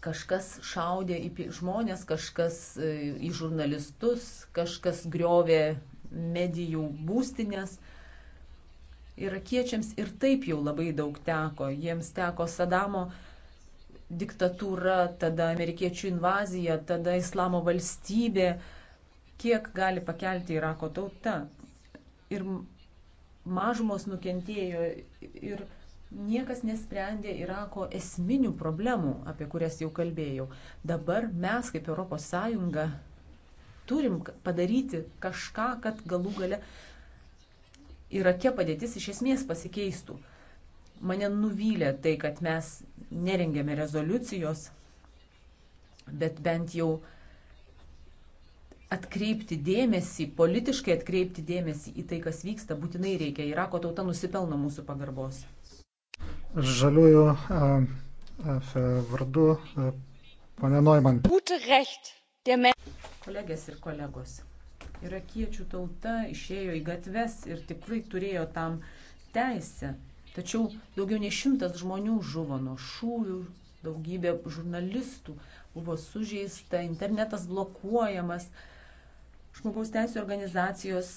Kažkas šaudė į žmonės, kažkas e, į žurnalistus, kažkas griovė medijų būstinės. Irakiečiams ir taip jau labai daug teko. Jiems teko Sadamo diktatūra, tada amerikiečių invazija, tada islamo valstybė kiek gali pakelti Irako tauta. Ir mažumos nukentėjo ir niekas nesprendė Irako esminių problemų, apie kurias jau kalbėjau. Dabar mes kaip ES turim padaryti kažką, kad galų gale Irake padėtis iš esmės pasikeistų. Mane nuvylė tai, kad mes nerengėme rezoliucijos, bet bent jau uh, atkreipti dėmesį, politiškai atkreipti dėmesį į tai, kas vyksta, būtinai reikia. Irako tauta nusipelno mūsų pagarbos. Žaliųjų vardu, pane Neumann. Kolegės ir kolegos. Irakiečių tauta išėjo į gatves ir tikrai turėjo tam teisę. Tačiau daugiau nei šimtas žmonių žuvo nuo šūvių, daugybė žurnalistų buvo sužeista, internetas blokuojamas. Žmogaus teisų organizacijos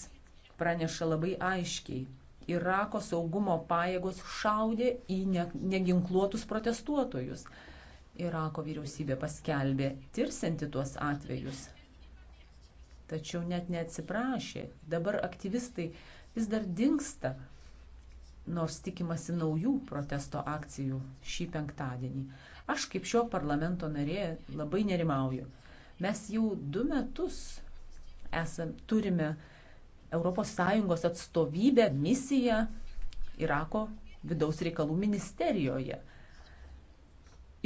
praneša labai aiškiai. Irako saugumo pajėgos šaudė į neginkluotus protestuotojus. Irako vyriausybė paskelbė tirsinti tuos atvejus. Tačiau net neatsiprašė. Dabar aktyvistai vis dar dinksta, nors tikimasi naujų protesto akcijų šį penktadienį. Aš kaip šio parlamento narė labai nerimauju. Mes jau du metus esam, turime ES atstovybę, misiją Irako vidaus reikalų ministerijoje.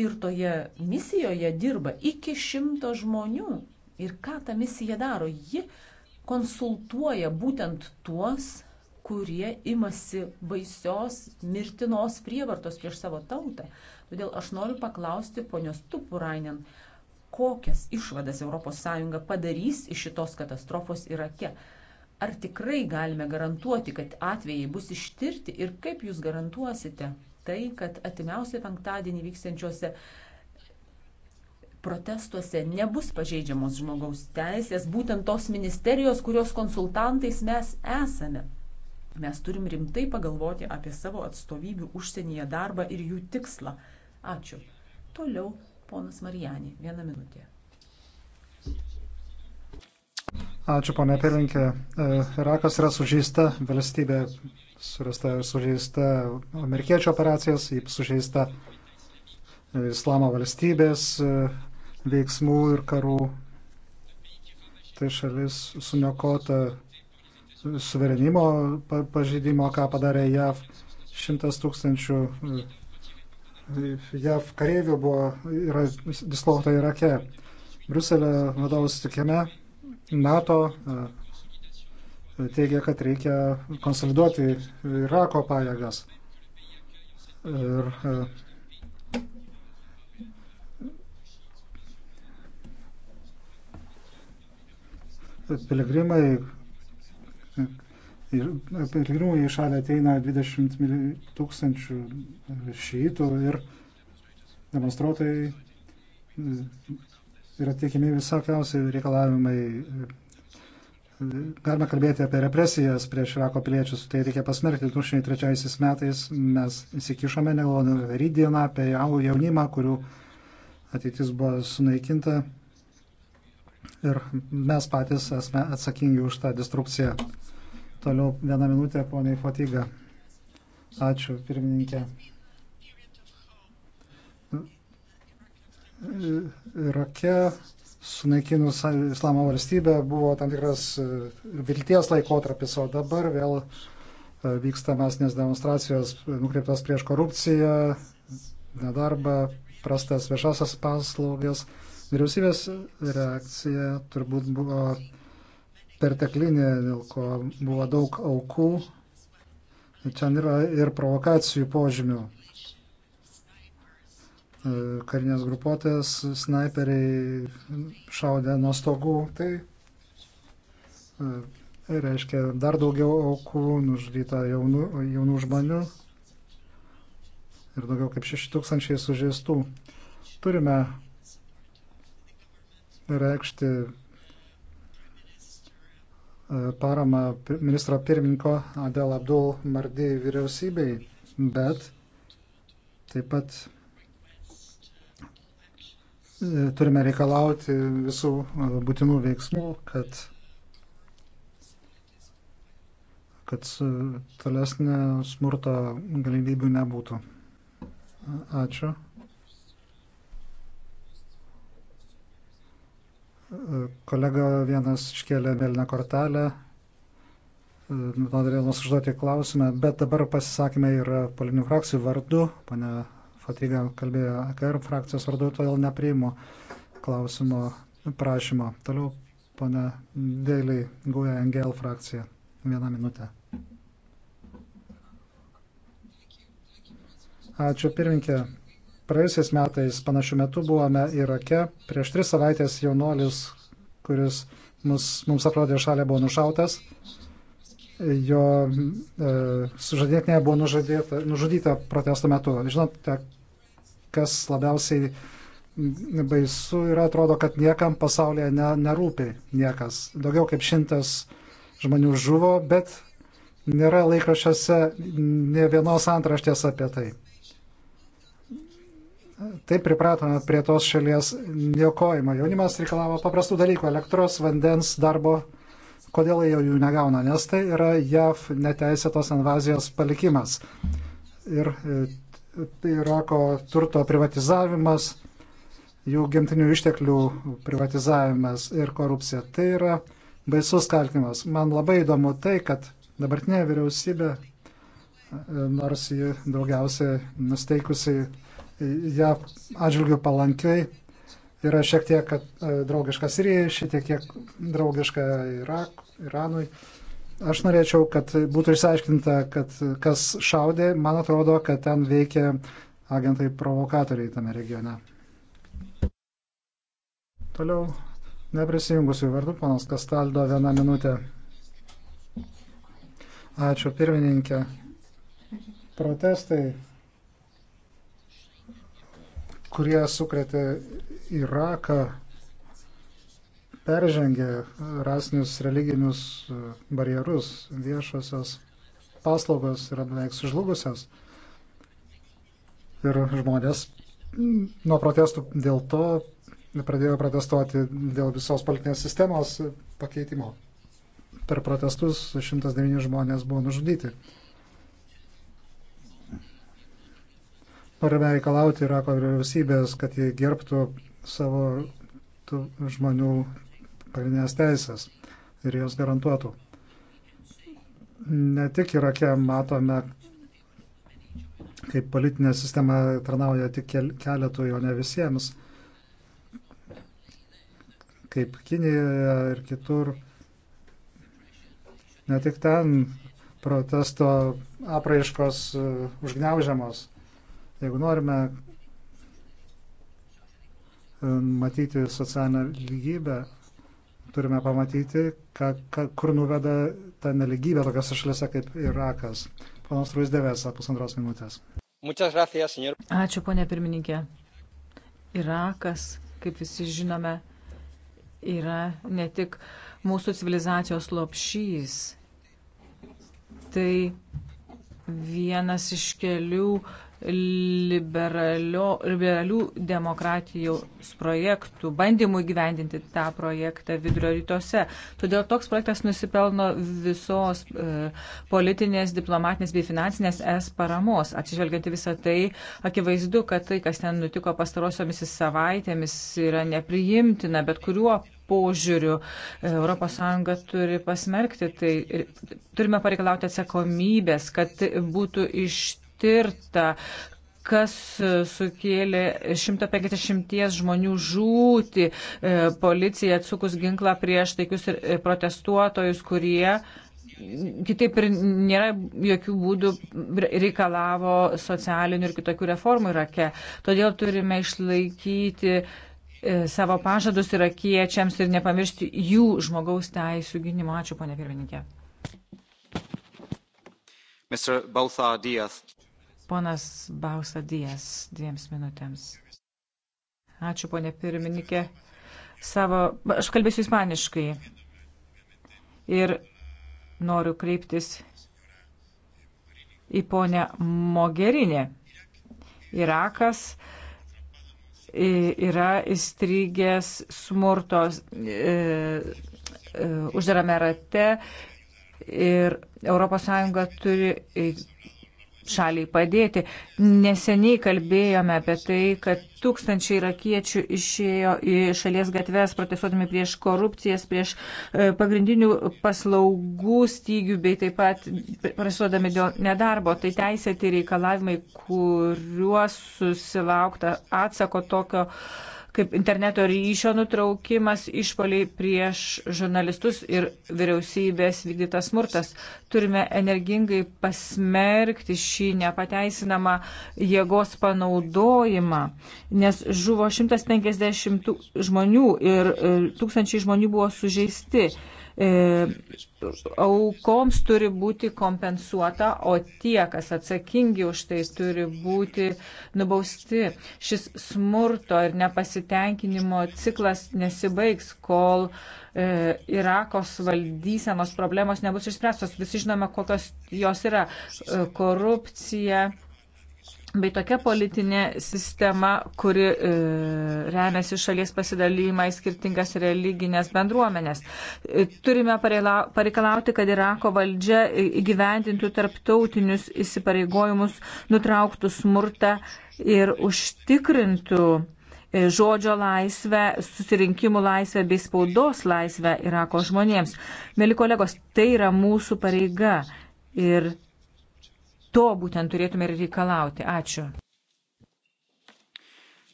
Ir toje misijoje dirba iki šimto žmonių. Ir ką ta misija daro? Ji konsultuoja būtent tuos, kurie imasi baisios mirtinos prievartos prieš savo tautą. Todėl aš noriu paklausti ponios Tupurainen, kokias išvadas ES padarys iš šitos katastrofos Irake. Ar tikrai galime garantuoti, kad atvejai bus ištirti ir kaip jūs garantuosite tai, kad atimiausiai penktadienį vyksiančiuose protestuose nebus pažeidžiamos žmogaus teisės, būtent tos ministerijos, kurios konsultantais mes esame. Mes turim rimtai pagalvoti apie savo atstovybių užsienyje darbą ir jų tikslą. Ačiū. Toliau Ponas Marijanį, vieną minutę. Ačiū, ponė Pirinkė. E, Irakas yra sužeista valstybė, surasta ir sužeista amerikiečių operacijos, jį sužeista islamo valstybės e, veiksmų ir karų. Tai šalis suniokota suverenimo pažydimo, ką padarė JAV. Šimtas tūkstančių e, JAV kareivių buvo yra dislokuota Irake. Bruselio vadovų sutikime NATO e, teigia, kad reikia konsoliduoti Irako pajėgas. Ir e, piligrimai Piligrimų į šalį ateina 20 tūkstančių šytų ir demonstruotojai e, yra tiekimi visokiausiai reikalavimai. Galime kalbėti apie represijas prieš Irako piliečius, tai reikia pasmerkti. 2003 metais mes įsikišome negalvodami rydieną apie jaunimą, kurių ateitis buvo sunaikinta ir mes patys esame atsakingi už tą destrukciją. Toliau vieną minutę, poniai Fatiga. Ačiū, pirmininkė. Irake sunaikinus Islamo valstybę buvo tam tikras e, vilties laikotarpis, o dabar vėl e, vyksta masinės demonstracijos nukreiptas prieš korupciją, nedarbą, prastas viešasias paslaugas. Vyriausybės reakcija turbūt buvo perteklinė, dėl ko buvo daug aukų. Ten yra ir provokacijų požymių. Karinės grupuotės, snaiperiai šaudė nuo stogų. Tai e, reiškia dar daugiau aukų, nužudyta jaunų, jaunų žmonių ir daugiau kaip 6000 sužeistų. Turime reikšti paramą ministro pirmininko Adel Abdul Mardi vyriausybei, bet taip pat e, turime reikalauti visų e, būtinų veiksmų, kad, kad tolesnė smurto galimybių nebūtų. Ačiū. Kolega vienas iškėlė mėlyną kortelę, e, norėdamas užduoti klausimą, bet dabar pasisakymai yra politinių frakcijų vardu, pane Fatiga kalbėjo AKR frakcijos vardu, todėl nepriimu klausimo prašymo. Toliau, pane Dėliai, Guja e NGL frakcija. Vieną minutę. Ačiū pirminkė. Praėjusiais metais panašiu metu buvome Irake. Prieš tris savaitės jaunuolis, kuris mus, mums aprodė šalia, buvo nušautas. Jo e, sužadėtinė buvo nužadėta, nužudyta protesto metu. Žinote, kas labiausiai baisu yra, atrodo, kad niekam pasaulyje ne, nerūpi niekas. Daugiau kaip šimtas žmonių žuvo, bet nėra laikraščiuose ne vienos antraštės apie tai. Taip pripratome prie tos šalies niokojimo. Jaunimas reikalavo paprastų dalykų - elektros, vandens, darbo. Kodėl jie jų negauna? Nes tai yra JAV neteisėtos invazijos palikimas. Ir e, tai Irako turto privatizavimas, jų gimtinių išteklių privatizavimas ir korupcija. Tai yra baisus kaltinimas. Man labai įdomu tai, kad dabartinė vyriausybė, e, nors ji daugiausiai nusteikusi JAV atžvilgių palankiai yra šiek tiek e, draugiška Sirijai, šiek tiek draugiška Irak, Iranui. Aš norėčiau, kad būtų išsiaiškinta, kad kas šaudė, man atrodo, kad ten veikia agentai provokatoriai tame regione. Toliau neprisijungusių vardų, panas Kastaldo, vieną minutę. Ačiū pirmininkė. Protestai kurie sukretė Iraką, peržengė rasinius religinius e, barjerus, viešosios paslaugos yra beveik sužlugusios. Ir žmonės nuo protestų dėl to pradėjo protestuoti dėl visos politinės sistemos pakeitimo. Per protestus 109 žmonės buvo nužudyti. Norime reikalauti Irako vyriausybės, kad jie gerbtų savo žmonių pagrindinės teisės ir jos garantuotų. Ne tik Irake matome, kaip politinė sistema tarnauja tik keletui, o ne visiems, kaip Kinijoje ir kitur. Ne tik ten protesto apraiškos e, užgneužiamos. Jeigu norime e, matyti socialinę lygybę, turime pamatyti, ka, ka, kur nuveda ta neligybė tokiose šalise kaip Irakas. Panas Ruizdėvės, pusantros minutės. Gracias, Ačiū, ponė pirmininkė. Irakas, kaip visi žinome, yra ne tik mūsų civilizacijos lopšys, tai vienas iš kelių liberalių demokratijos projektų, bandymų gyvendinti tą projektą vidurio rytuose. Todėl toks projektas nusipelno visos e, politinės, diplomatinės bei finansinės es paramos. Atsižvelgianti visą tai, akivaizdu, kad tai, kas ten nutiko pastarosiomis savaitėmis, yra nepriimtina, bet kuriuo požiūriu ES turi pasmerkti. Tai turime pareikalauti atsakomybės, kad būtų iš ištirta, kas sukėlė 150 žmonių žūti e, policija atsukus ginklą prieš taikius e, protestuotojus, kurie kitaip ir nėra jokių būdų reikalavo socialinių ir kitokių reformų Irake. Todėl turime išlaikyti e, savo pažadus irakiečiams ir nepamiršti jų žmogaus teisų gynimo. Ačiū, ponė pirmininkė. Mr. Balsa Dijas. Ponas Bausadijas dviems minutėms. Ačiū, ponė pirmininkė. Savo, aš kalbėsiu ispaniškai ir noriu kreiptis į ponę Mogerinę. Irakas yra įstrigęs smurtos e, e, uždarame rate ir ES turi šaliai padėti. Neseniai kalbėjome apie tai, kad tūkstančiai irakiečių išėjo į šalies gatves protestuodami prieš korupcijas, prieš e, pagrindinių paslaugų stygių, bei taip pat protestuodami dėl nedarbo. Tai teisėti reikalavimai, kuriuos susilaukta atsako tokio uh, kaip interneto ryšio nutraukimas, išpoliai prieš žurnalistus ir vyriausybės vykdytas smurtas. Turime energingai pasmerkti šį nepateisinamą jėgos panaudojimą, nes žuvo 150 žmonių ir e, tūkstančiai žmonių buvo sužeisti e, aukoms turi būti kompensuota, o tie, kas atsakingi už tai, turi būti nubausti. Šis smurto ir nepasitenkinimo ciklas nesibaigs, kol e, Irakos valdysenos problemos nebus išspręstos. Visi žinome, kokios jos yra. E, korupcija bei tokia politinė sistema, kuri e, remiasi šalies pasidalymą į skirtingas religinės bendruomenės. E, turime pareikalauti, kad Irako valdžia įgyvendintų tarptautinius įsipareigojimus, nutrauktų smurtą ir užtikrintų e, žodžio laisvę, susirinkimų laisvę bei spaudos laisvę Irako žmonėms. Mėly kolegos, tai yra mūsų pareiga ir to būtent turėtume ir reikalauti. Ačiū.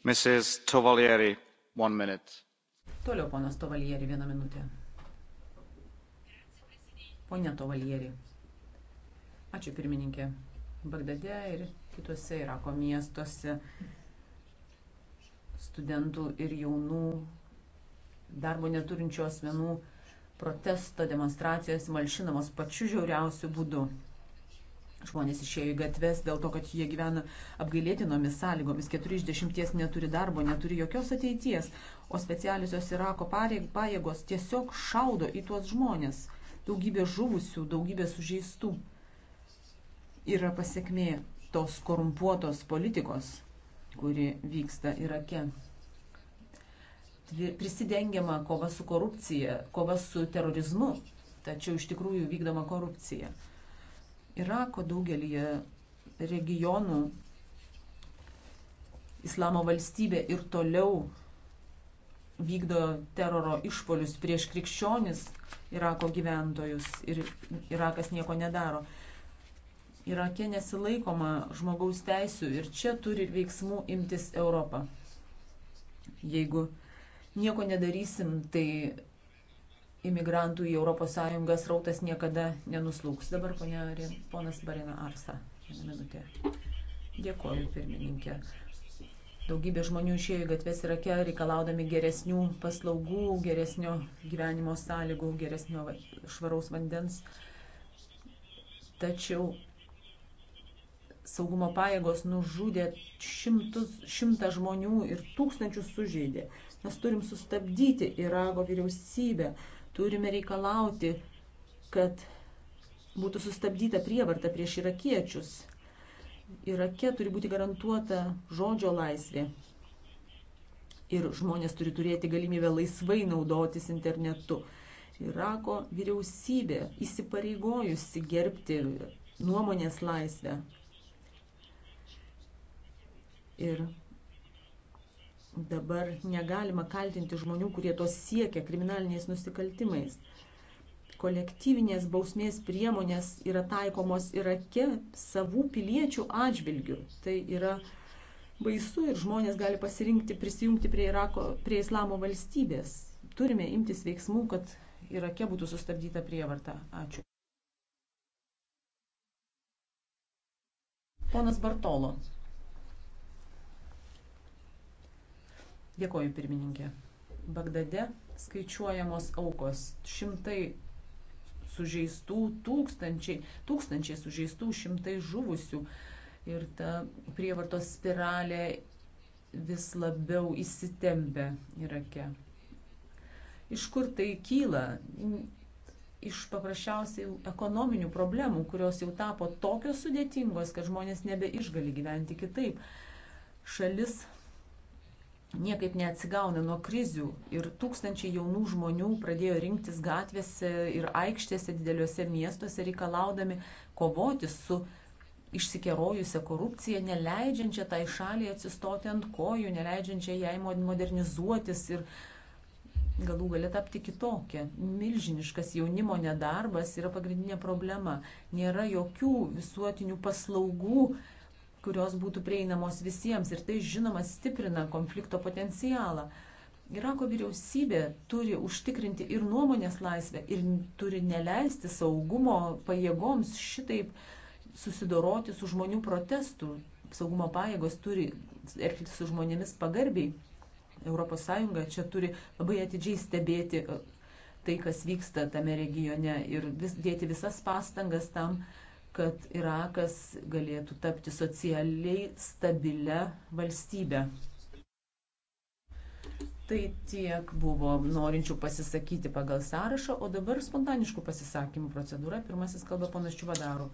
Mrs. Tovalieri, one minute. Toliau ponas Tovalieri, vieną minutę. Pone Tovalieri. Ačiū pirmininkė. Bagdade ir kituose Irako miestuose studentų ir jaunų darbo neturinčių asmenų protesto demonstracijos malšinamos pačiu žiauriausiu būdu. Žmonės išėjo į gatves dėl to, kad jie gyvena apgailėtinomis sąlygomis. Keturi iš dešimties neturi darbo, neturi jokios ateities, o specialiosios Irako pajėgos tiesiog šaudo į tuos žmonės. Daugybė žuvusių, daugybė sužeistų yra pasiekmė tos korumpuotos politikos, kuri vyksta Irake. Prisidengiama kova su korupcija, kova su terorizmu, tačiau iš tikrųjų vykdoma korupcija. Irako daugelį regionų Islamo valstybė ir toliau vykdo teroro išpolius prieš krikščionis Irako gyventojus ir Irakas nieko nedaro. Irake nesilaikoma žmogaus teisų ir čia turi veiksmų imtis Europą. Jeigu nieko nedarysim, tai imigrantų į ES rautas niekada nenuslūks. Dabar ponia, ponas Barina Arsa. Vieną minutę. Dėkoju, pirmininkė. Daugybė žmonių išėjo į gatves Irake reikalaudami geresnių paslaugų, geresnio gyvenimo sąlygų, geresnio švaraus vandens. Tačiau saugumo pajėgos nužudė šimtus, šimtą žmonių ir tūkstančius sužeidė. Mes turim sustabdyti Irako vyriausybę. Uh, Turime reikalauti, kad būtų sustabdyta prievarta prieš irakiečius. Irake turi būti garantuota žodžio laisvė. Ir žmonės turi turėti galimybę laisvai naudotis internetu. Irako vyriausybė įsipareigojusi gerbti nuomonės laisvę. Ir Dabar negalima kaltinti žmonių, kurie to siekia kriminaliniais nusikaltimais. Kolektyvinės bausmės priemonės yra taikomos Irake savų piliečių atžvilgių. Tai yra baisu ir žmonės gali pasirinkti prisijungti prie, Irako, prie islamo valstybės. Turime imtis veiksmų, kad Irake būtų sustabdyta prievarta. Ačiū. Ponas Bartolo. Dėkoju, pirmininkė. Bagdade skaičiuojamos aukos. Šimtai sužeistų, tūkstančiai, tūkstančiai sužeistų, šimtai žuvusių. Ir ta prievartos spiralė vis labiau įsitempia Irake. Iš kur tai kyla? Iš paprasčiausiai ekonominių problemų, kurios jau tapo tokios sudėtingos, kad žmonės nebeišgali gyventi kitaip. Šalis niekaip neatsigauna nuo krizių ir tūkstančiai jaunų žmonių pradėjo rinktis gatvėse ir aikštėse dideliuose miestuose reikalaudami kovoti su išsikerojusią korupciją, neleidžiančią tai šaliai atsistoti ant kojų, neleidžiančią jai modernizuotis ir galų galia tapti kitokią. Milžiniškas jaunimo nedarbas yra pagrindinė problema. Nėra jokių visuotinių paslaugų, kurios būtų prieinamos visiems ir tai žinoma stiprina konflikto potencialą. Irako vyriausybė turi užtikrinti ir nuomonės laisvę ir turi neleisti saugumo pajėgoms šitaip susidoroti su žmonių protestų. Saugumo pajėgos turi elgtis su žmonėmis pagarbiai. ES čia turi labai atidžiai stebėti e, tai, kas vyksta tame regione ir vis, dėti visas pastangas tam, uh, kad Irakas galėtų tapti socialiai stabilę valstybę. Tai tiek buvo norinčių pasisakyti pagal sąrašą, o dabar spontaniškų pasisakymų procedūra. Pirmasis kalba ponas Čiuvadarų.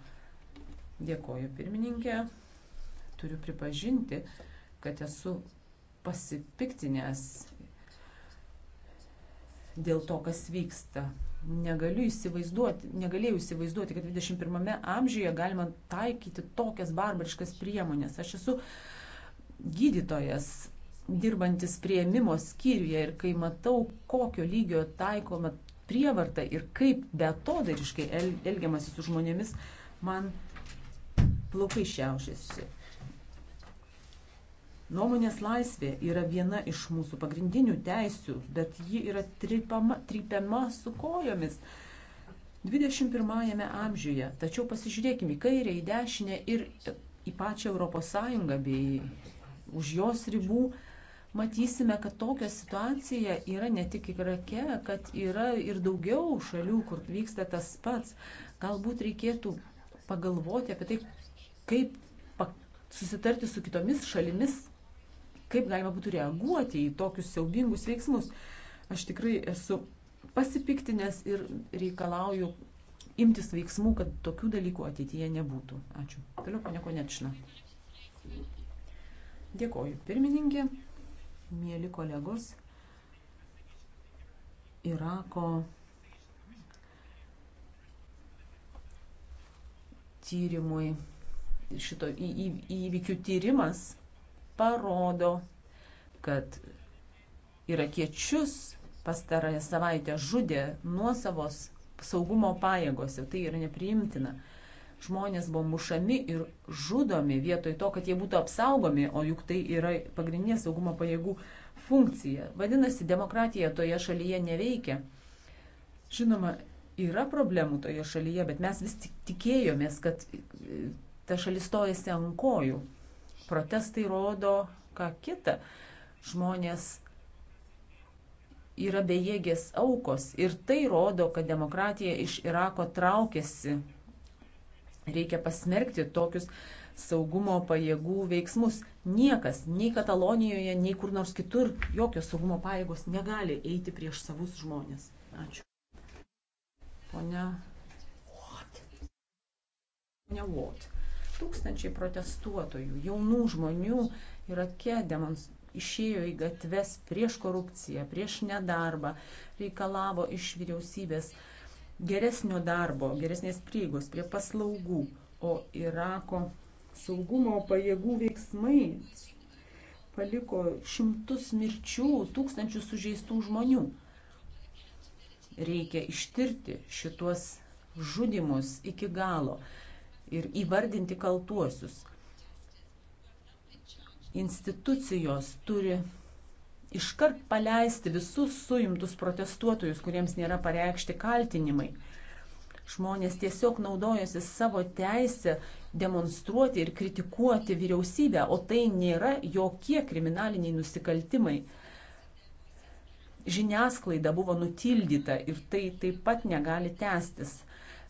Dėkoju pirmininkė. Turiu pripažinti, kad esu pasipiktinęs dėl to, kas vyksta negaliu įsivaizduoti, negalėjau įsivaizduoti, kad 21 amžiuje galima taikyti tokias barbariškas priemonės. Aš esu gydytojas, dirbantis prieimimo skyriuje ir kai matau, kokio lygio taikoma prievarta ir kaip betodariškai el, elgiamasi su žmonėmis, man plaukai šiaušiasi. Nuomonės laisvė yra viena iš mūsų pagrindinių teisių, bet ji yra trypama, trypiama su kojomis 21-ame amžiuje. Tačiau pasižiūrėkime į kairę, į dešinę ir į pačią ES bei už jos ribų. Matysime, kad tokia situacija yra ne tik Irake, kad yra ir daugiau šalių, kur vyksta tas pats. Galbūt reikėtų pagalvoti apie tai, kaip susitarti su kitomis šalimis, kaip galima būtų reaguoti į tokius siaubingus veiksmus. Aš tikrai esu pasipiktinęs ir reikalauju imtis veiksmų, kad tokių dalykų ateityje nebūtų. Ačiū. Toliau, ponia Konečna. Dėkoju, pirmininkė, mėly kolegos. Irako tyrimui, šito į, į, įvykių tyrimas parodo, kad irakiečius pastarąją savaitę žudė nuosavos saugumo pajėgose. Tai yra nepriimtina. Žmonės buvo mušami ir žudomi vietoj to, kad jie būtų apsaugomi, o juk tai yra pagrindinė saugumo pajėgų funkcija. Vadinasi, demokratija toje šalyje neveikia. Žinoma, yra problemų toje šalyje, bet mes vis tik tikėjomės, kad ta šalis stojasi ant kojų. Protestai rodo ką kitą. Žmonės yra bejėgės aukos ir tai rodo, kad demokratija iš Irako traukiasi. Reikia pasmerkti tokius saugumo pajėgų veiksmus. Niekas, nei Katalonijoje, nei kur nors kitur, jokios saugumo pajėgos negali eiti prieš savus žmonės. Ačiū. Pone. What? Pone What. Tūkstančiai protestuotojų, jaunų žmonių Irake demonstruoja išėjo į gatves prieš korupciją, prieš nedarbą, reikalavo iš vyriausybės geresnio darbo, geresnės prieigos prie paslaugų, o Irako saugumo pajėgų veiksmai paliko šimtus mirčių, tūkstančius sužeistų žmonių. Reikia ištirti šitos žudimus iki galo ir įvardinti kaltuosius. Institucijos turi iškart paleisti visus suimtus protestuotojus, kuriems nėra pareikšti kaltinimai. Žmonės tiesiog naudojasi savo teisę demonstruoti ir kritikuoti vyriausybę, o tai nėra jokie kriminaliniai nusikaltimai. Žiniasklaida buvo nutildyta ir tai taip pat negali tęstis.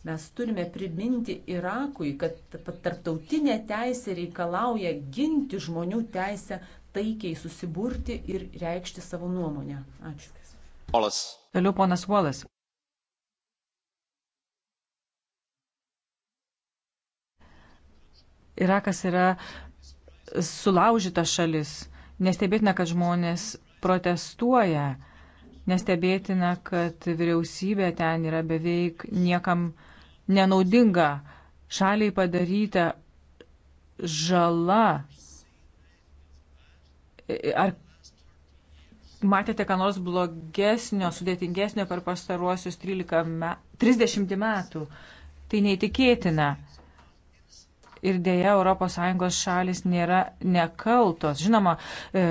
Mes turime priminti Irakui, kad tarptautinė teisė reikalauja ginti žmonių teisę taikiai susiburti ir reikšti savo nuomonę. Ačiū. Polas. Toliau ponas Volas. Irakas yra sulaužyta šalis. Nestebėtina, kad žmonės protestuoja. Nestebėtina, kad vyriausybė ten yra beveik niekam nenaudinga. Šaliai padaryta žala. Ar matėte, ką nors blogesnio, sudėtingesnio per pastaruosius 13 me 30 metų? Tai neįtikėtina ir dėja ES šalis nėra nekaltos. Žinoma, e,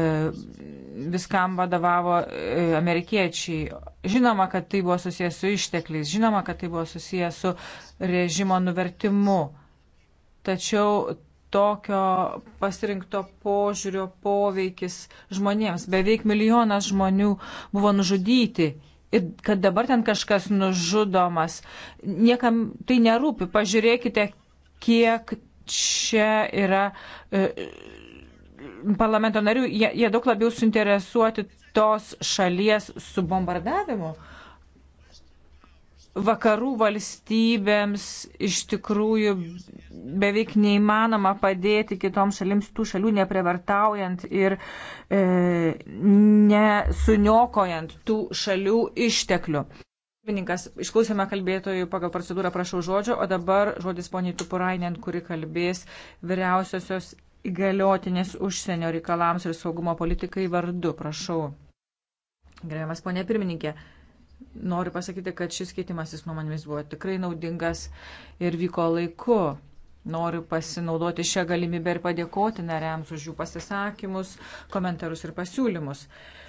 viskam vadovavo e, amerikiečiai. Žinoma, kad tai buvo susijęs su ištekliais. Žinoma, kad tai buvo susijęs su režimo nuvertimu. Tačiau tokio pasirinkto požiūrio poveikis žmonėms. Beveik milijonas žmonių buvo nužudyti ir kad dabar ten kažkas nužudomas. Niekam tai nerūpi. Pažiūrėkite, kiek čia yra e, parlamento narių, jie, jie daug labiau suinteresuoti tos šalies subombardavimu. Vakarų valstybėms iš tikrųjų beveik neįmanoma padėti kitoms šalims tų šalių neprevartaujant ir e, nesuniokojant tų šalių išteklių. Pirmininkas, išklausėme kalbėtojų pagal procedūrą, prašau žodžio, o dabar žodis poniai Tupurainen, kuri kalbės vyriausiosios įgaliotinės užsienio reikalams ir saugumo politikai vardu, prašau. Gerbiamas ponė pirmininkė, noriu pasakyti, kad šis keitimasis nuomonėmis buvo tikrai naudingas ir vyko laiku. Noriu pasinaudoti šią galimybę ir padėkoti nariams už jų pasisakymus, komentarus ir pasiūlymus. Uh,